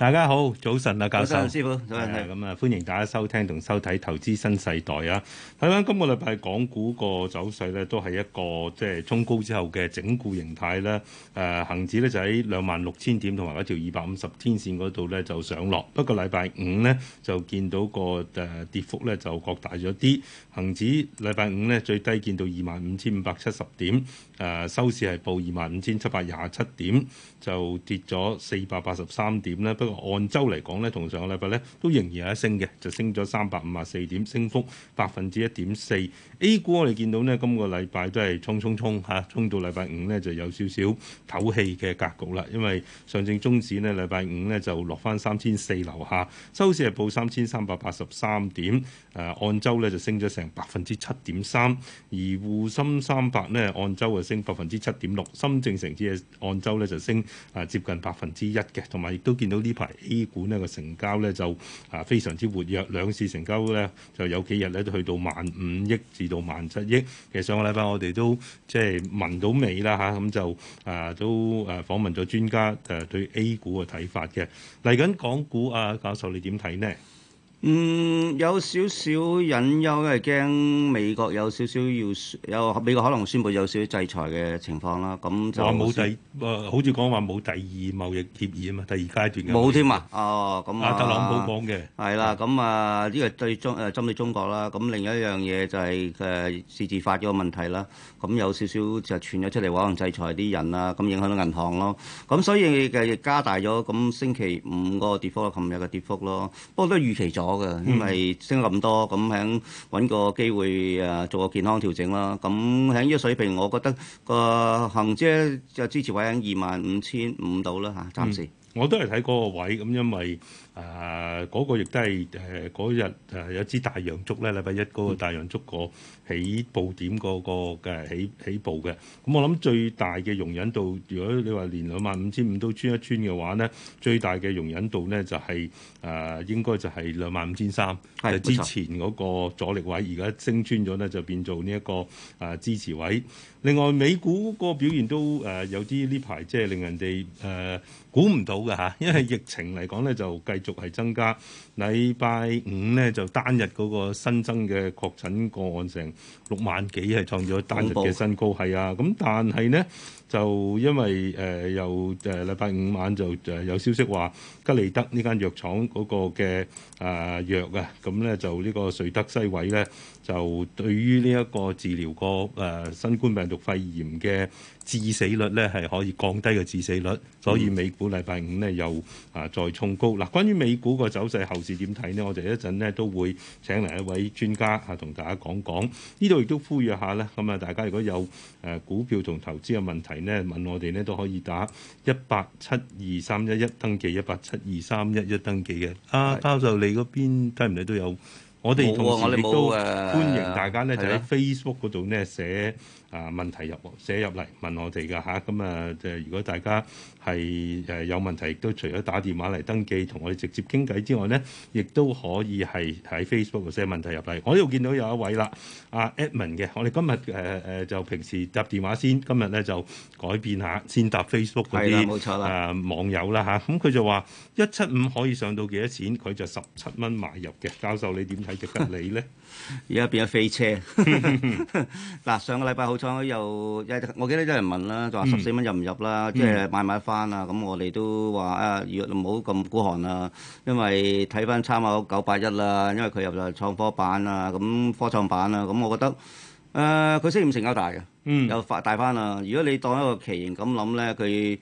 大家好，早晨啊，教授、師傅，早晨啊，咁啊，歡迎大家收聽同收睇《投資新世代》啊。睇翻今個禮拜港股個走勢咧，都係一個即係衝高之後嘅整固形態咧。誒、呃，恆指咧就喺兩萬六千點同埋嗰條二百五十天線嗰度咧就上落。不過禮拜五呢，就見到個誒跌幅咧就擴大咗啲，恆指禮拜五呢，最低見到二萬五千五百七十點。誒收市係報二萬五千七百廿七點，就跌咗四百八十三點咧。不過按周嚟講咧，同上個禮拜咧都仍然係升嘅，就升咗三百五十四點，升幅百分之一點四。A 股我哋見到呢，今個禮拜都係衝衝衝嚇，衝到禮拜五咧就有少少唞氣嘅格局啦。因為上證綜指呢，禮拜五咧就落翻三千四樓下，收市係報三千三百八十三點。誒按周咧就升咗成百分之七點三，而滬深三百咧按周嘅，升百分之七點六，深證成指嘅按周咧就升啊接近百分之一嘅，同埋亦都見到呢排 A 股呢個成交咧就啊非常之活躍，兩市成交咧就有幾日咧都去到萬五億至到萬七億。其實上個禮拜我哋都即係、就是、聞到味啦嚇，咁、啊、就啊都啊訪問咗專家誒對 A 股嘅睇法嘅嚟緊港股啊教授你點睇呢？嗯，有少少隱憂，因為驚美國有少少要，有美國可能宣布有少少制裁嘅情況啦。咁就話冇第，呃、好似講話冇第二貿易協議啊嘛，第二階段嘅冇添啊？哦，咁啊，特朗普講嘅係啦，咁啊，呢個對中誒針對中國啦。咁另一樣嘢就係誒私自發咗個問題啦。咁有少少就傳咗出嚟，可能制裁啲人啊，咁影響到銀行咯。咁所以嘅亦加大咗咁星期五個跌幅，琴日嘅跌幅咯。不過都預期咗。因為升咁多，咁喺揾個機會誒，做個健康調整啦。咁喺呢個水平，我覺得個行姐就支持位喺二萬五千五度啦吓，暫時、嗯、我都係睇嗰個位咁，因為。啊，嗰、那個亦都係誒日誒有支大陽燭咧，禮拜一嗰個大陽燭個起步點嗰、那個嘅、啊、起起步嘅。咁、啊、我諗最大嘅容忍度，如果你話連兩萬五千五都穿一穿嘅話咧，最大嘅容忍度咧就係、是、誒、啊、應該就係兩萬五千三。係之前嗰個阻力位，而家升穿咗咧就變做呢一個誒、啊、支持位。另外美股個表現都誒有啲呢排即係令人哋誒估唔到嘅吓，因為疫情嚟講咧就繼續。係增加，禮拜五呢，就單日嗰個新增嘅確診個案成六萬幾，係創咗單日嘅新高，係啊。咁但係呢，就因為誒、呃、又誒禮拜五晚就誒有消息話吉利德呢間藥廠嗰個嘅啊、呃、藥啊，咁呢，就呢個瑞德西韋呢。就對於呢一個治療過誒、呃、新冠病毒肺炎嘅致死率呢，係可以降低個致死率，所以美股禮拜五呢，又、呃、啊再衝高。嗱，關於美股個走勢後市點睇呢，我哋一陣呢，都會請嚟一位專家啊，同大家講講。呢度亦都呼籲下呢，咁啊，大家如果有誒股票同投資嘅問題呢，問我哋呢，都可以打一八七二三一一登記，一八七二三一一登記嘅。阿教授，你嗰邊睇唔睇都有？我哋同時亦、啊啊、都歡迎大家咧，就喺的 Facebook 度咧寫啊問題入寫入嚟問我哋噶吓。咁啊，就如果大家係誒有問題，亦都除咗打電話嚟登記同我哋直接傾偈之外咧，亦都可以係喺 Facebook 度寫問題入嚟。我呢度見到有一位啦，阿 Edmund 嘅。我哋今日誒誒就平時搭電話先，今日咧就改變下，先搭 Facebook 嗰啲啊冇錯啦，網友啦吓，咁、啊、佢就話一七五可以上到幾多錢？佢就十七蚊買入嘅。教授你點？繼續得你咧，而家變咗飛車。嗱，上個禮拜好彩又，我記得有人問啦，就話十四蚊入唔入啦？即係買買翻啦。咁我哋都話啊，若唔好咁孤寒啊，因為睇翻參考九八一啦，因為佢入咗創科板啊，咁科創板啊。咁我覺得誒，佢雖然唔成交大嘅，嗯，又發大翻啦。如果你當一個期型咁諗咧，佢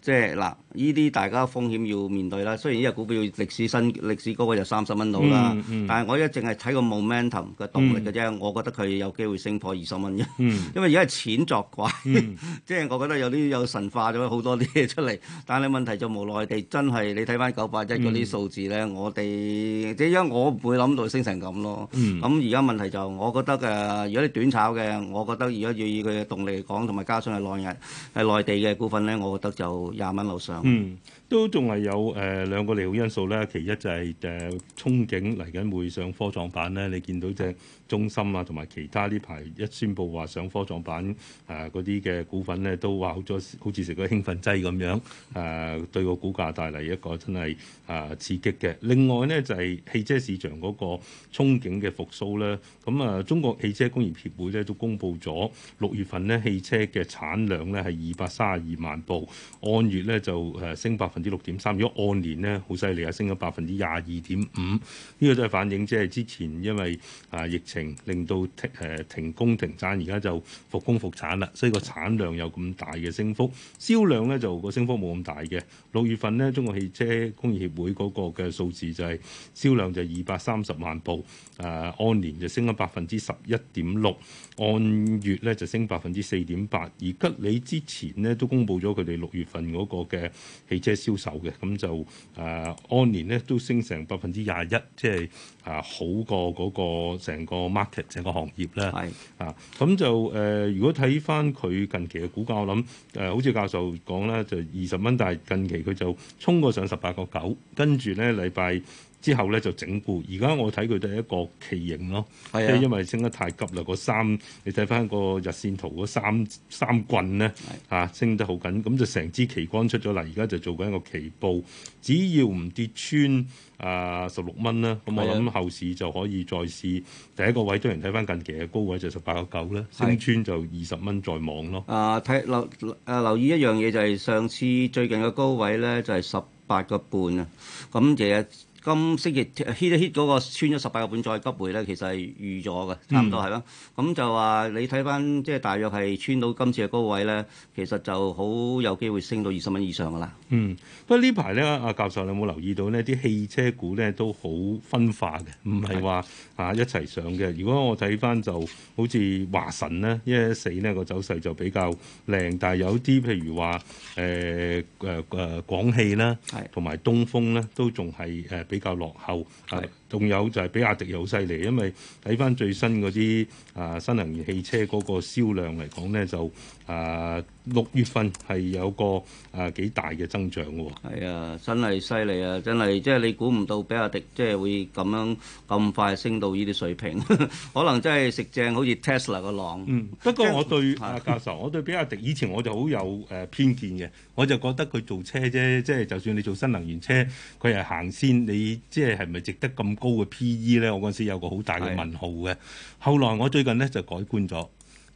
即係嗱。呢啲大家風險要面對啦。雖然呢隻股票歷史新歷史高嗰就三十蚊到啦，但係、嗯、我一淨係睇個 momentum 嘅動力嘅啫。我覺得佢有機會升破二十蚊，因為而家係錢作怪，即係我覺得有啲有神化咗好多啲嘢出嚟。但係咧問題就冇內地真係你睇翻九八一嗰啲數字咧，我哋即係因為我唔會諗到升成咁咯。咁而家問題就我覺得誒，如果你短炒嘅，我覺得如果要以佢嘅動力嚟講，同埋加上係內日喺內地嘅股份咧，我覺得就廿蚊樓上。嗯。都仲係有誒兩、呃、個利好因素咧，其一就係、是、誒、呃、憧憬嚟緊會上科創板咧。你見到隻中芯啊，同埋其他呢排一宣布話上科創板誒嗰啲嘅股份咧，都話好咗，好似食咗興奮劑咁樣誒、呃、對個股價帶嚟一個真係誒、呃、刺激嘅。另外咧就係、是、汽車市場嗰個憧憬嘅復蘇咧。咁、嗯、啊、呃，中國汽車工業協會咧都公布咗六月份咧汽車嘅產量咧係二百三十二萬部，按月咧就誒升百分。啲六點三，如果按年呢好犀利啊，升咗百分之廿二點五，呢個都係反映即係之前因為啊疫情令到停誒停工停產，而家就復工復產啦，所以個產量有咁大嘅升幅，銷量咧就個升幅冇咁大嘅。六月份呢中國汽車工業協會嗰個嘅數字就係銷量就二百三十萬部，誒、呃、按年就升咗百分之十一點六，按月咧就升百分之四點八。而吉利之前呢都公布咗佢哋六月份嗰個嘅汽車銷。銷售嘅咁就誒按年咧都升成百分之廿一，即係啊好過嗰個成個 market 成個行業咧。係啊咁就誒、啊，如果睇翻佢近期嘅股價，我諗誒，好似教授講咧，就二十蚊，但係近期佢就衝過上十八個九，跟住咧禮拜。之後咧就整固，而家我睇佢都係一個旗形咯。係啊，因為升得太急啦，個三，你睇翻個日線圖嗰三三棍咧，啊，啊，升得好緊，咁就成支旗杆出咗嚟，而家就做緊一個旗布。只要唔跌穿啊十六蚊啦，咁、呃、我諗後市就可以再試、啊、第一個位。多人睇翻近期嘅高位就十八個九啦，啊、升穿就二十蚊再望咯。啊、呃，睇留啊留意一樣嘢就係上次最近嘅高位咧就係十八個半啊，咁其實。今星期 heat 一 heat 嗰個穿咗十八個半再急回咧，其實係預咗嘅，差唔多係啦。咁、嗯、就話你睇翻，即係大約係穿到今次嘅高位咧，其實就好有機會升到二十蚊以上嘅啦。嗯，不過呢排咧，阿教授你有冇留意到呢啲汽車股咧都好分化嘅？唔係話啊一齊上嘅。如果我睇翻就，好似華晨咧，一一四呢個走勢就比較靚，但係有啲譬如話誒誒誒廣汽啦，同埋東風咧都仲係誒。還是還是呃比較落後，係仲是、啊、有就係比亞迪又好犀利，因為睇翻最新嗰啲啊新能源汽車嗰個銷量嚟講咧，就。啊，六、uh, 月份係有個啊、uh, 幾大嘅增長喎、哦。係啊，真係犀利啊！真係即係你估唔到比亞，比亞迪即係會咁樣咁快升到呢啲水平。 可能真係食正好似 Tesla 嘅浪、嗯。不過我對、就是、啊教授，我對比亞迪以前我就好有誒偏見嘅。我就覺得佢做車啫，即係就算你做新能源車，佢係行先，你即係係咪值得咁高嘅 P E 咧？我嗰陣時有個好大嘅問號嘅。的後來我最近呢，就改觀咗。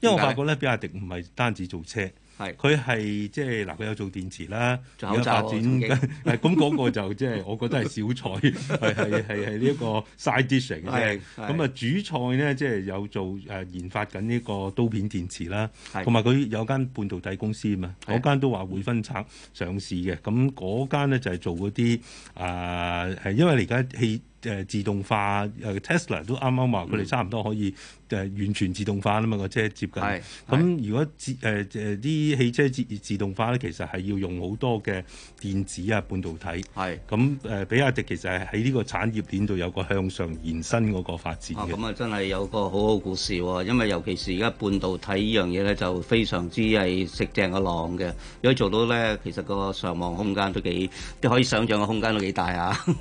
因為我發覺咧，比亞迪唔係單止做車，佢係即係嗱，佢、就是、有做電池啦，有、啊、發展咁，咁嗰經、 嗯嗰個就即係我覺得係小菜，係係係呢一個 side 嘅咁啊，主菜咧即係有做誒、啊、研發緊呢個刀片電池啦，同埋佢有間半導體公司啊嘛，嗰間的都話會分拆上市嘅。咁嗰間咧就係做嗰啲啊，係因為你而家氣。誒自動化，誒 Tesla 都啱啱話佢哋差唔多可以誒完全自動化啊嘛，個、嗯、車接近。咁是如果自誒誒啲汽車自自動化咧，其實係要用好多嘅電子啊、半導體。咁誒是、呃、比亞迪其實係喺呢個產業鏈度有個向上延伸嗰個發展。咁啊真係有個好好故事喎、哦！因為尤其是而家半導體呢樣嘢咧，就非常之係食正個浪嘅。如果做到咧，其實個上網空間都幾，都可以想像嘅空間都幾大啊！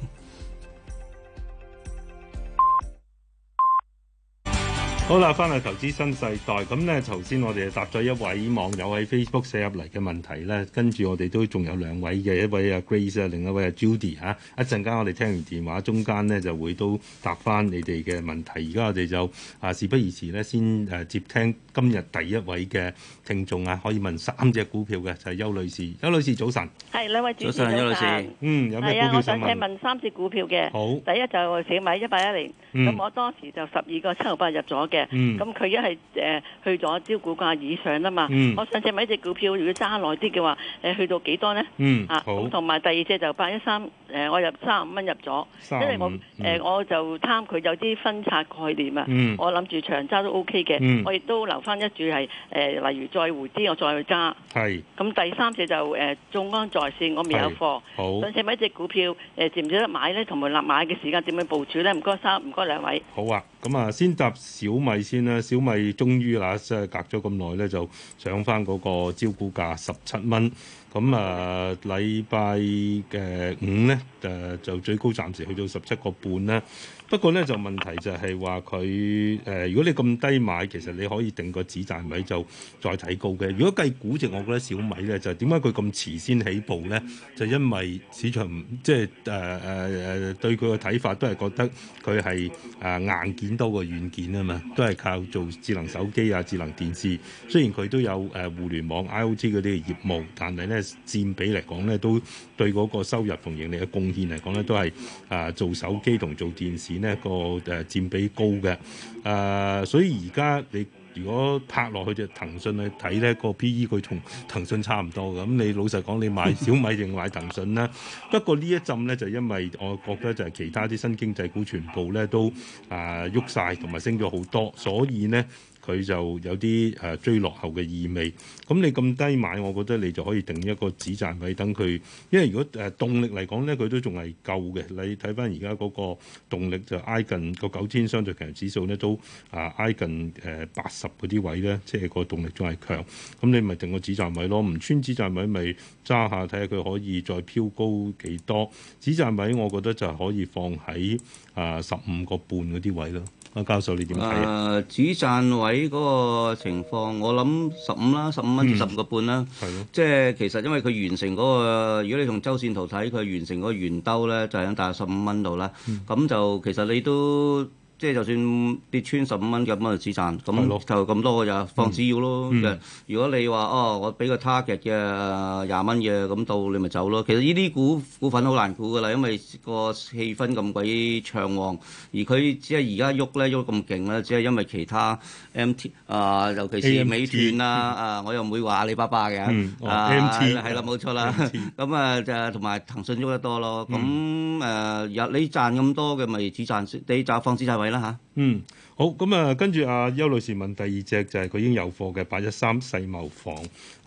好啦，翻嚟投資新世代，咁咧頭先我哋答咗一位網友喺 Facebook 寫入嚟嘅問題咧，跟住我哋都仲有兩位嘅，一位阿 Grace，另一位阿 Judy 吓，啊，一陣間我哋聽完電話中間咧就會都答翻你哋嘅問題。而家我哋就啊事不宜遲咧，先誒、啊、接聽今日第一位嘅聽眾啊，可以問三隻股票嘅就係、是、邱女士。邱女士早晨。係，兩位主持人早晨。安，邱女士，嗯，有咩嘅問題？係啊，我想請問三隻股票嘅。好，第一就小米一八一年，咁我當時就十二個七毫八入咗嘅，咁佢一係誒去咗招股價以上啦嘛，我上次買隻股票如果揸耐啲嘅話，誒去到幾多呢？嗯，啊，咁同埋第二隻就八一三，誒我入三十五蚊入咗，因為我誒我就貪佢有啲分拆概念啊，我諗住長揸都 O K 嘅，我亦都留翻一注係誒，例如再回啲我再去揸。係，咁第三隻就誒眾安在線，我未有貨，好，上次買隻股票誒值唔值得買咧？同埋立買嘅時間點樣部署咧？唔該三，唔該兩位。好啊，咁啊先答小。小米先啦，小米終於啦，即係隔咗咁耐咧，就上翻嗰個招股價十七蚊。咁 啊樂，禮拜嘅五咧，誒就最高暫時去到十七個半啦。不過咧就問題就係話佢誒，如果你咁低買，其實你可以定個止賺位就再提高嘅。如果計估值，我覺得小米咧就點解佢咁遲先起步咧？就因為市場即係誒誒誒對佢嘅睇法都係覺得佢係啊硬件多過軟件啊嘛，都係靠做智能手機啊、智能電視。雖然佢都有誒、呃、互聯網 IOT 嗰啲業務，但係咧佔比嚟講咧都對嗰個收入同盈利嘅貢獻嚟講咧都係啊、呃、做手機同做電視呢。一個誒佔比高嘅，誒、呃、所以而家你如果拍落去就騰訊去睇咧、個 P E 佢同騰訊差唔多，咁你老實講你買小米定買騰訊咧？不過呢一陣咧就是、因為我覺得就係其他啲新經濟股全部咧都啊喐晒，同、呃、埋升咗好多，所以呢。佢就有啲誒追落後嘅意味，咁你咁低買，我覺得你就可以定一個止賺位，等佢。因為如果誒動力嚟講咧，佢都仲係夠嘅。你睇翻而家嗰個動力就挨近個九千相對強指數咧，都啊挨近誒八十嗰啲位咧，即係個動力仲係強。咁你咪定個止賺位咯，唔穿止賺位咪揸下睇下佢可以再飄高幾多。止賺位我覺得就係可以放喺啊十五個半嗰啲位咯。阿教授，你點睇啊？誒、呃，止賺位嗰個情況，我諗十五啦，十五蚊至十五個半啦。係咯、嗯。即係其實因為佢完成嗰、那個，如果你從周線圖睇，佢完成嗰個圓兜咧，就喺大概十五蚊度啦。咁、嗯、就其實你都。即係就算跌穿十五蚊咁啊，止賺咁就咁多嘅就放止要咯。如果你話哦，我俾個 target 嘅廿蚊嘅，咁到你咪走咯。其實呢啲股股份好難估㗎啦，因為個氣氛咁鬼暢旺，而佢只係而家喐咧喐咁勁咧，只係因為其他 MT 啊，尤其是美團啊，啊我又唔會話阿里巴巴嘅，MT 係啦冇錯啦。咁啊就同埋騰訊喐得多咯。咁誒有你賺咁多嘅咪止賺，你就放止啦吓， 嗯，好，咁啊，跟住阿邱女士問第二隻就係佢已經有貨嘅八一三世茂房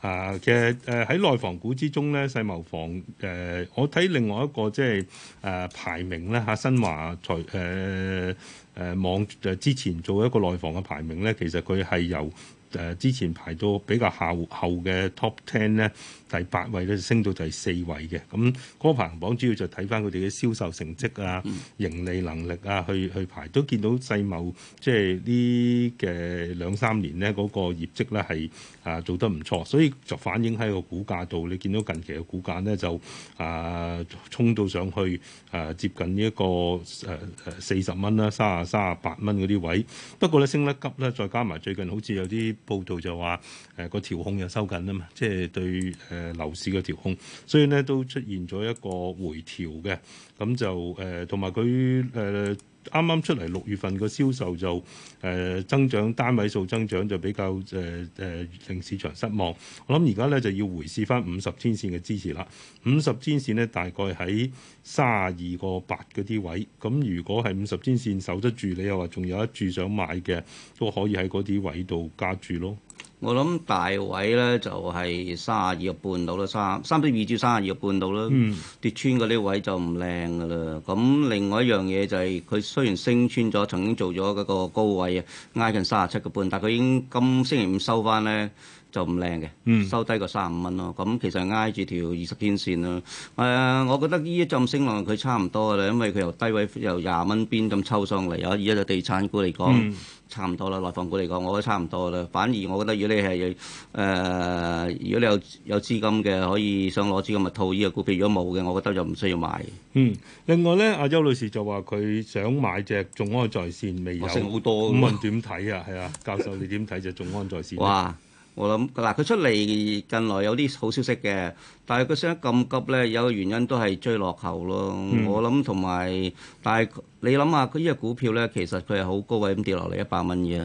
啊，其實誒喺內房股之中咧，世茂房誒、呃，我睇另外一個即係誒排名咧吓，新華財誒誒網誒之前做一個內房嘅排名咧，其實佢係由誒、呃、之前排到比較後後嘅 top ten 咧。第八位咧升到第四位嘅，咁、那、嗰、個、排行榜主要就睇翻佢哋嘅銷售成績啊、盈利能力啊，去去排都見到世貿即係呢嘅兩三年呢嗰個業績咧係啊做得唔錯。所以就反映喺個股價度。你見到近期嘅股價咧就啊衝、呃、到上去啊、呃、接近呢一個誒誒四十蚊啦，三啊三啊八蚊嗰啲位。不過咧升得急咧，再加埋最近好似有啲報道就話誒個調控又收緊啊嘛，即係對。誒樓市嘅調控，所以呢都出現咗一個回調嘅，咁就誒同埋佢誒啱啱出嚟六月份嘅銷售就誒、呃、增長單位數增長就比較誒誒、呃呃、令市場失望。我諗而家咧就要回試返五十天線嘅支持啦。五十天線呢大概喺卅二個八嗰啲位，咁如果係五十天線守得住，你又話仲有一注想買嘅，都可以喺嗰啲位度加注咯。我諗大位咧就係三十二個半到啦，三十二至三十二個半到啦。嗯、跌穿嗰啲位就唔靚噶啦。咁另外一樣嘢就係、是、佢雖然升穿咗，曾經做咗嗰個高位啊，挨近三十七個半，但佢已經今星期五收翻咧就唔靚嘅，收低個三十五蚊咯。咁其實挨住條二十天線啦。誒、呃，我覺得呢一浸升浪佢差唔多噶啦，因為佢由低位由廿蚊邊咁抽上嚟，啊，以一隻地產股嚟講。差唔多啦，內房股嚟講，我覺得差唔多啦。反而我覺得，如果你係誒，如果你有有資金嘅，可以想攞資金咪套呢個股票；如果冇嘅，我覺得就唔需要買。嗯，另外咧，阿邱女士就話佢想買隻眾安在線未有。升好多咁，問點睇啊？係啊，教授你點睇隻眾安在線？ 哇！我諗嗱，佢出嚟近來有啲好消息嘅。但係佢升得咁急咧，有個原因都係追落後咯。嗯、我諗同埋，但係你諗下，佢呢隻股票咧，其實佢係好高位咁跌落嚟一百蚊嘅。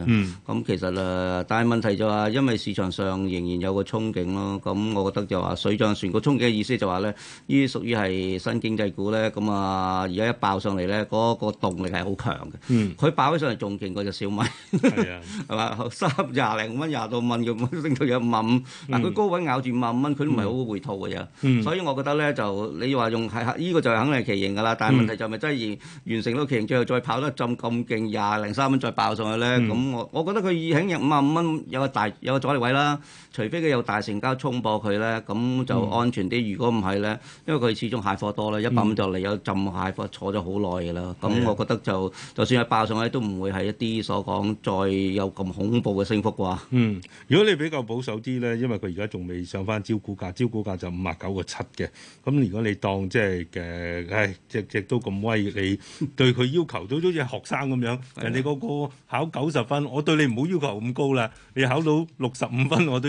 咁其實誒，但係問題就話因為市場上仍然有個憧憬咯。咁我覺得就話水漲船高憧憬嘅意思就話咧，呢啲屬於係新經濟股咧。咁啊，而家一爆上嚟咧，嗰、那個動力係好強嘅。佢、嗯、爆起上嚟仲勁過隻小米，係 嘛的？三廿零蚊廿到蚊嘅，升到有萬五。嗱，佢高位咬住萬五蚊，佢都唔係好回吐嘅。嗯嗯。嗯、所以我覺得咧，就你話用係呢、這個就係肯定係奇形㗎啦。但係問題就咪真係完成到奇形，最後再跑得浸咁勁，廿零三蚊再爆上去咧，咁、嗯、我我覺得佢已經五萬五蚊有個大有個阻力位啦。除非佢有大成交衝破佢咧，咁就安全啲。嗯、如果唔係咧，因為佢始終蟹貨多啦，一撳就嚟有浸蟹貨坐咗好耐嘅啦。咁、嗯、我覺得就就算係爆上去，都唔會係一啲所講再有咁恐怖嘅升幅啩。嗯，如果你比較保守啲咧，因為佢而家仲未上翻招股價，招股價就五啊九個七嘅。咁如果你當即係誒，唉、哎，只只都咁威，你對佢要求都好似學生咁樣，人哋個個考九十分，我對你唔好要,要求咁高啦，你考到六十五分，我都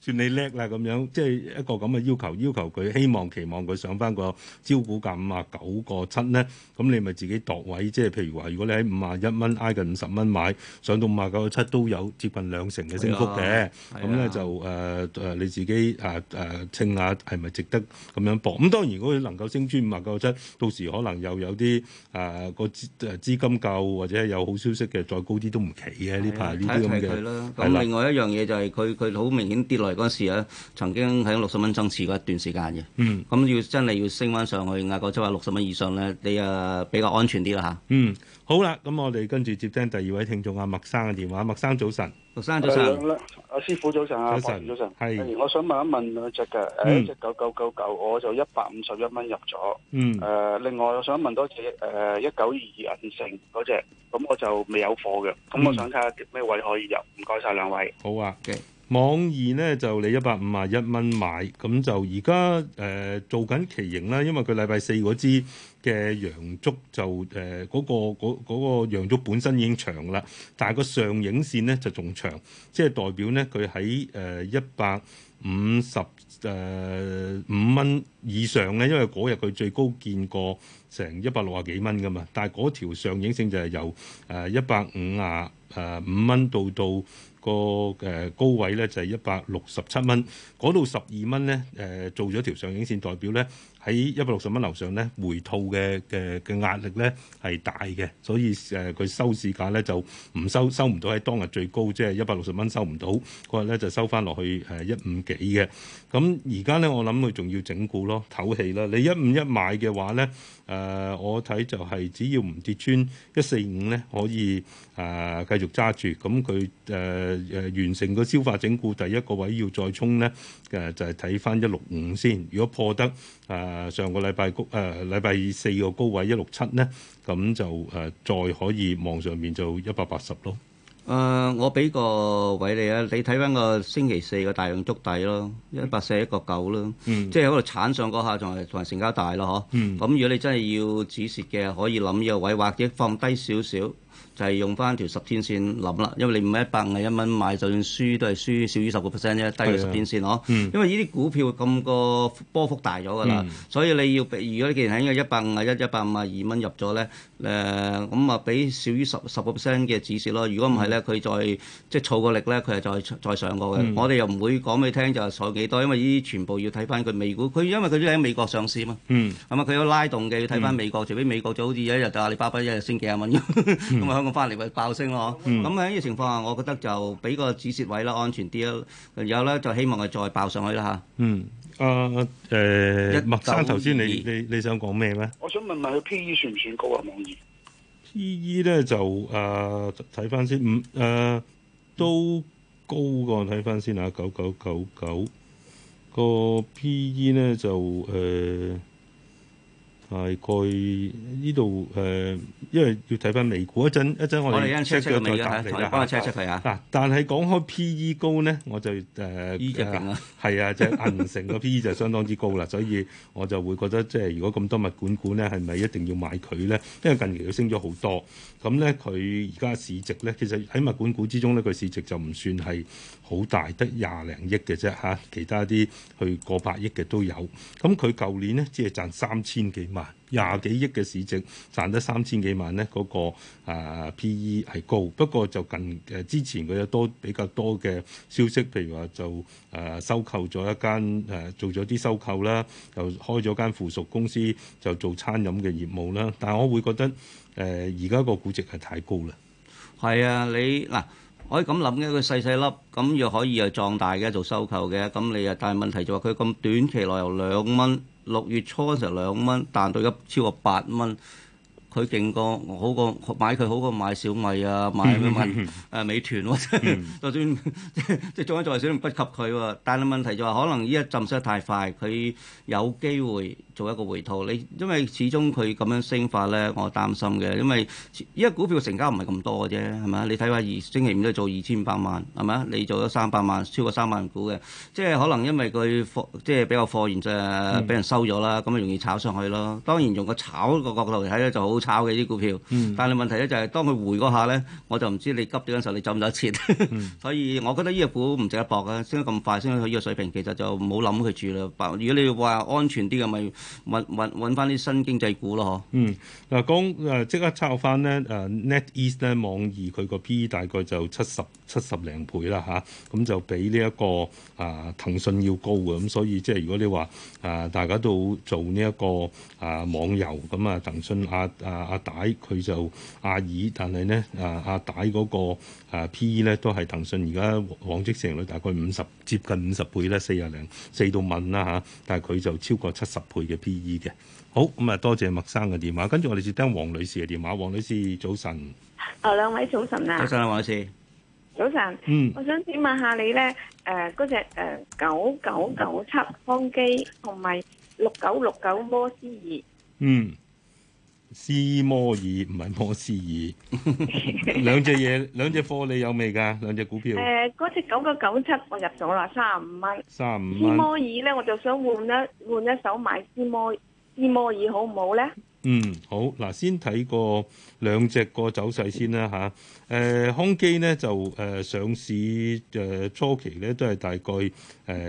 算你叻啦，咁樣即係一個咁嘅要求，要求佢希望期望佢上翻個招股價五十九個七咧，咁你咪自己度位。即係譬如話，如果你喺五十一蚊挨近五十蚊買，上到五十九個七都有接近兩成嘅升幅嘅。咁咧就誒誒、uh，你自己誒誒稱下係咪值得咁樣搏。咁當然如果佢能夠升穿五十九個七，到時可能又有啲誒個資資金夠或者有好消息嘅，再高啲都唔奇嘅呢排呢啲咁嘅。睇一咁，另外一樣嘢就係佢佢好明顯。跌落嚟嗰時咧，曾經喺六十蚊增持過一段時間嘅。嗯，咁要真係要升翻上去，壓過即係六十蚊以上咧，你啊比較安全啲啦嚇。啊、嗯，好啦，咁我哋跟住接聽第二位聽眾阿麥生嘅電話。麥生早晨，麥生早晨，阿、啊、師傅早晨，早晨早晨，係。是我想問一問嗰隻嘅，誒、嗯，一隻九九九九，我就一百五十一蚊入咗。嗯。誒，另外我想問多次、呃、隻，誒，一九二二銀城嗰隻，咁我就未有貨嘅，咁我想睇下咩位可以入。唔該晒兩位。好啊，嘅。網易咧就你一百五啊一蚊買，咁就而家誒做緊旗形啦，因為佢禮拜四嗰支嘅陽燭就誒嗰、呃嗰個嗰嗰陽燭本身已經長啦，但係個上影線咧就仲長，即係代表咧佢喺誒一百五十誒五蚊以上咧，因為嗰日佢最高見過成一百六啊幾蚊㗎嘛，但係嗰條上影線就係由誒一百五啊誒五蚊到到。個誒高位咧就係一百六十七蚊，嗰度十二蚊咧誒做咗條上影線代表咧。喺一百六十蚊樓上咧，回吐嘅嘅嘅壓力咧係大嘅，所以誒佢、呃、收市價咧就唔收收唔到喺當日最高，即係一百六十蚊收唔到，嗰日咧就收翻落去誒、呃、一五幾嘅。咁而家咧，我諗佢仲要整固咯，唞氣啦。你一五一買嘅話咧，誒、呃、我睇就係只要唔跌穿一四五咧，可以誒、呃、繼續揸住。咁佢誒誒完成個消化整固，第一個位要再衝咧，誒、呃、就係睇翻一六五先。如果破得誒、呃呃誒上個禮拜高誒、呃、禮拜四個高位一六七呢，咁就誒、呃、再可以望上面就一百八十咯。誒、呃、我俾個位你啊，你睇翻個星期四個大陽燭底咯，一百四一個九咯，嗯，即係喺度鏟上嗰下仲係同埋成交大咯嗬，咁、嗯嗯、如果你真係要止蝕嘅，可以諗個位或者放低少少。就係用翻條十天線諗啦，因為你唔係一百五廿一蚊買，就算輸都係輸少於十個 percent 啫，低過十天線哦。的嗯、因為呢啲股票咁個波幅大咗㗎啦，嗯、所以你要俾如果你既然喺個一百五廿一、一百五廿二蚊入咗咧，誒咁啊俾少於十十個 percent 嘅止蝕咯。如果唔係咧，佢再即係儲個力咧，佢係再再上過嘅。嗯、我哋又唔會講俾你聽就係上幾多，因為呢啲全部要睇翻佢美股，佢因為佢都喺美國上市啊嘛。咁啊、嗯，佢有拉動嘅，要睇翻美國，嗯、除非美國就好似一日就阿里巴巴一日升幾廿蚊咁咁翻嚟咪爆升咯嗬，咁喺呢個情況下，我覺得就俾個止蝕位啦，安全啲咯。有咧就希望佢再爆上去啦嚇。嗯，啊誒，麥、呃、生頭先你你你想講咩咧？我想問問佢 P E 算唔算高啊？網易 P E 咧就誒睇翻先，唔、嗯、誒、呃、都高過，睇翻先啊，九九九九個 P E 咧就誒。呃大概呢度誒，因為要睇翻美股一陣一陣我哋 check 出幫我 check 佢啊！嗱、啊，但係講開 P/E 高咧，我就誒係、呃、邊啊，就、 啊啊、銀城個 P/E 就相當之高啦，所以我就會覺得即係如果咁多物管股咧，係咪一定要買佢咧？因為近期佢升咗好多，咁咧佢而家市值咧，其實喺物管股之中咧，佢市值就唔算係好大，得廿零億嘅啫嚇，其他啲去過百億嘅都有。咁佢舊年咧，只係賺 3, 三千幾。廿幾億嘅市值賺得三千幾萬咧，嗰、那個、呃、P E 係高，不過就近誒、呃、之前佢有多比較多嘅消息，譬如話就誒、呃、收購咗一間誒、呃、做咗啲收購啦，又開咗間附屬公司就做餐飲嘅業務啦，但係我會覺得誒而家個估值係太高啦。係啊，你嗱。可以咁諗嘅，佢細細粒咁又可以又壯大嘅做收購嘅，咁你又，但係問題就係佢咁短期內由兩蚊，六月初嗰陣兩蚊，但到而家超過八蚊，佢勁過，好過買佢好過買小米啊，買咩咩誒美團喎，就算即即做緊在位選都不及佢喎，但係問題就係可能依一浸出得太快，佢有機會。做一個回吐，你因為始終佢咁樣升法咧，我擔心嘅，因為依個股票成交唔係咁多嘅啫，係咪？你睇下二星期五都做二千五百萬，係咪？你做咗三百萬，超過三萬股嘅，即係可能因為佢貨即係比較貨源就俾、嗯、人收咗啦，咁啊容易炒上去咯。當然用個炒個角度嚟睇咧，就好炒嘅啲股票，嗯、但係問題咧就係、是、當佢回嗰下咧，我就唔知你急跌嗰陣時候你走唔走得切。嗯、 所以，我覺得呢隻股唔值得搏嘅，升得咁快，升到佢呢個水平，其實就唔好諗佢住啦。如果你話安全啲嘅咪。揾揾揾翻啲新經濟股咯嗬。嗯，嗱、啊、講誒即、啊、刻抄翻咧誒、啊、NetEase 咧網易佢個 PE 大概就七十七十零倍啦吓，咁、啊嗯、就比呢、這、一個啊騰訊要高嘅，咁、啊、所以即係如果你話啊大家都做呢、這、一個啊網遊咁啊騰訊阿阿阿大佢就阿二、啊，但係咧啊阿大嗰個。啊，P/E 咧都係騰訊，而家往績成率大概五十接近五十倍咧，四廿零四到五啦吓，但係佢就超過七十倍嘅 P/E 嘅。好咁啊、嗯，多謝麥生嘅電話。跟住我哋接聽黃女士嘅電話。黃女士早晨。啊、哦，兩位早晨啊。早晨啊，黃女士。早晨。嗯。我想請問下你咧，誒嗰隻誒九九九七康基同埋六九六九摩斯二。嗯。斯摩爾唔係摩斯爾， 兩隻嘢 兩隻貨你有未㗎？兩隻股票？誒、呃，嗰隻九九九七我入咗啦，三十五蚊。三十五蚊斯摩爾咧，我就想換一換一手買斯摩斯摩爾好唔好咧？嗯，好嗱，先睇個兩隻個走勢先啦吓，誒康基咧就誒、呃、上市誒、呃、初期咧都係大概誒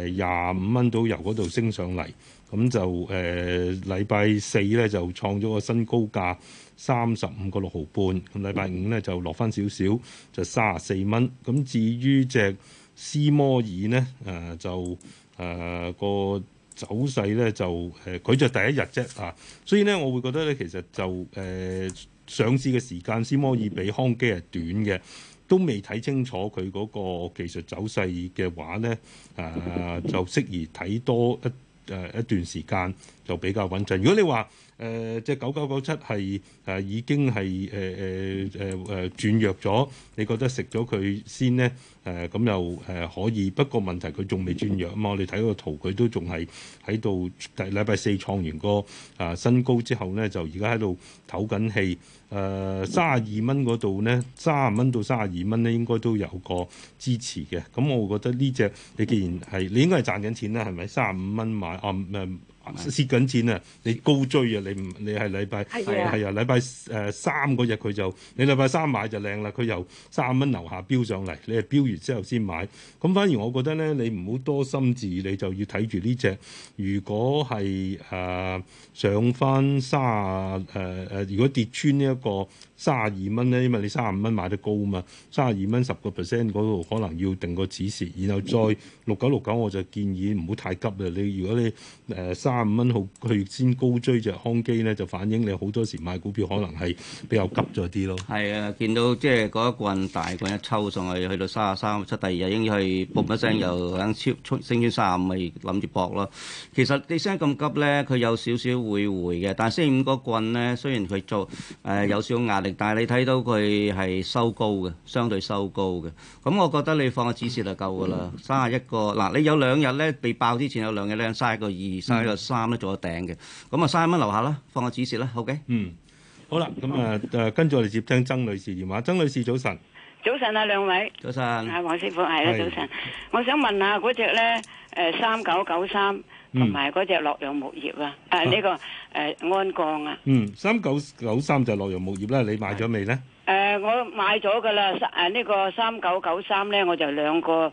廿五蚊到由嗰度升上嚟。咁就誒禮拜四咧就創咗個新高價三十五個六毫半，咁禮拜五咧就落翻少少，就三十四蚊。咁至於隻斯摩爾咧，誒、呃、就誒個、呃、走勢咧就誒佢、呃、就第一日啫啊，所以咧我會覺得咧其實就誒、呃、上市嘅時間斯摩爾比康基係短嘅，都未睇清楚佢嗰個技術走勢嘅話咧，誒、呃、就適宜睇多一。誒、呃，一段時間。就比較穩陣。如果你話誒，即係九九九七係誒，已經係誒誒誒誒轉弱咗。你覺得食咗佢先咧誒，咁又誒可以。不過問題佢仲未轉弱啊嘛。我哋睇個圖，佢都仲係喺度。第禮拜四創完個啊、呃、新高之後咧，就而家喺度唞緊氣。誒三十二蚊嗰度咧，三十蚊到三十二蚊咧，應該都有個支持嘅。咁、嗯、我覺得呢、這、隻、個、你既然係，你應該係賺緊錢啦，係咪三十五蚊買啊？啊蝕緊錢啊！你高追啊！你唔你係禮拜係啊！禮拜誒三嗰日佢就你禮拜三買就靚啦，佢由三啊蚊樓下飆上嚟，你係標完之後先買。咁、嗯、反而我覺得咧，你唔好多心智，你就要睇住呢隻。如果係誒、呃、上翻三啊誒誒，如果跌穿呢、這、一個。三廿二蚊咧，因為你三廿五蚊買得高啊嘛，三廿二蚊十個 percent 嗰度可能要定個指示，然後再六九六九，我就建議唔好太急啦。你如果你誒三廿五蚊好佢先高追着康基呢，就反映你好多時買股票可能係比較急咗啲咯。係啊，見到即係嗰一棍大棍一抽，上去，去到三廿三出第二日已經係 boom 一聲又響、嗯、超出升穿三廿五，咪諗住搏咯。其實你升咁急咧，佢有少少會回嘅，但係四十五個棍咧，雖然佢做誒、呃、有少少壓力。但係你睇到佢係收高嘅，相對收高嘅。咁我覺得你放個止蝕就夠噶啦，卅一個。嗱，你有兩日咧，被爆之前有兩日咧，卅一個二，卅一個三都做咗頂嘅。咁啊，卅蚊樓下啦，放個止蝕啦。OK。嗯，好啦，咁啊，誒跟住我哋接聽曾女士電話。曾女士早晨。早晨啊，兩位。早晨。係黃師傅，係啦，早晨。我想問下嗰隻咧，誒三九九三。同埋嗰隻洛陽鉬業啊，誒，呢個誒安鋼啊，這個呃、啊嗯，三九九三就係洛陽鉬業啦，你買咗未咧？誒、呃，我買咗噶啦，誒、啊，這個、3 3呢個三九九三咧，我就兩個。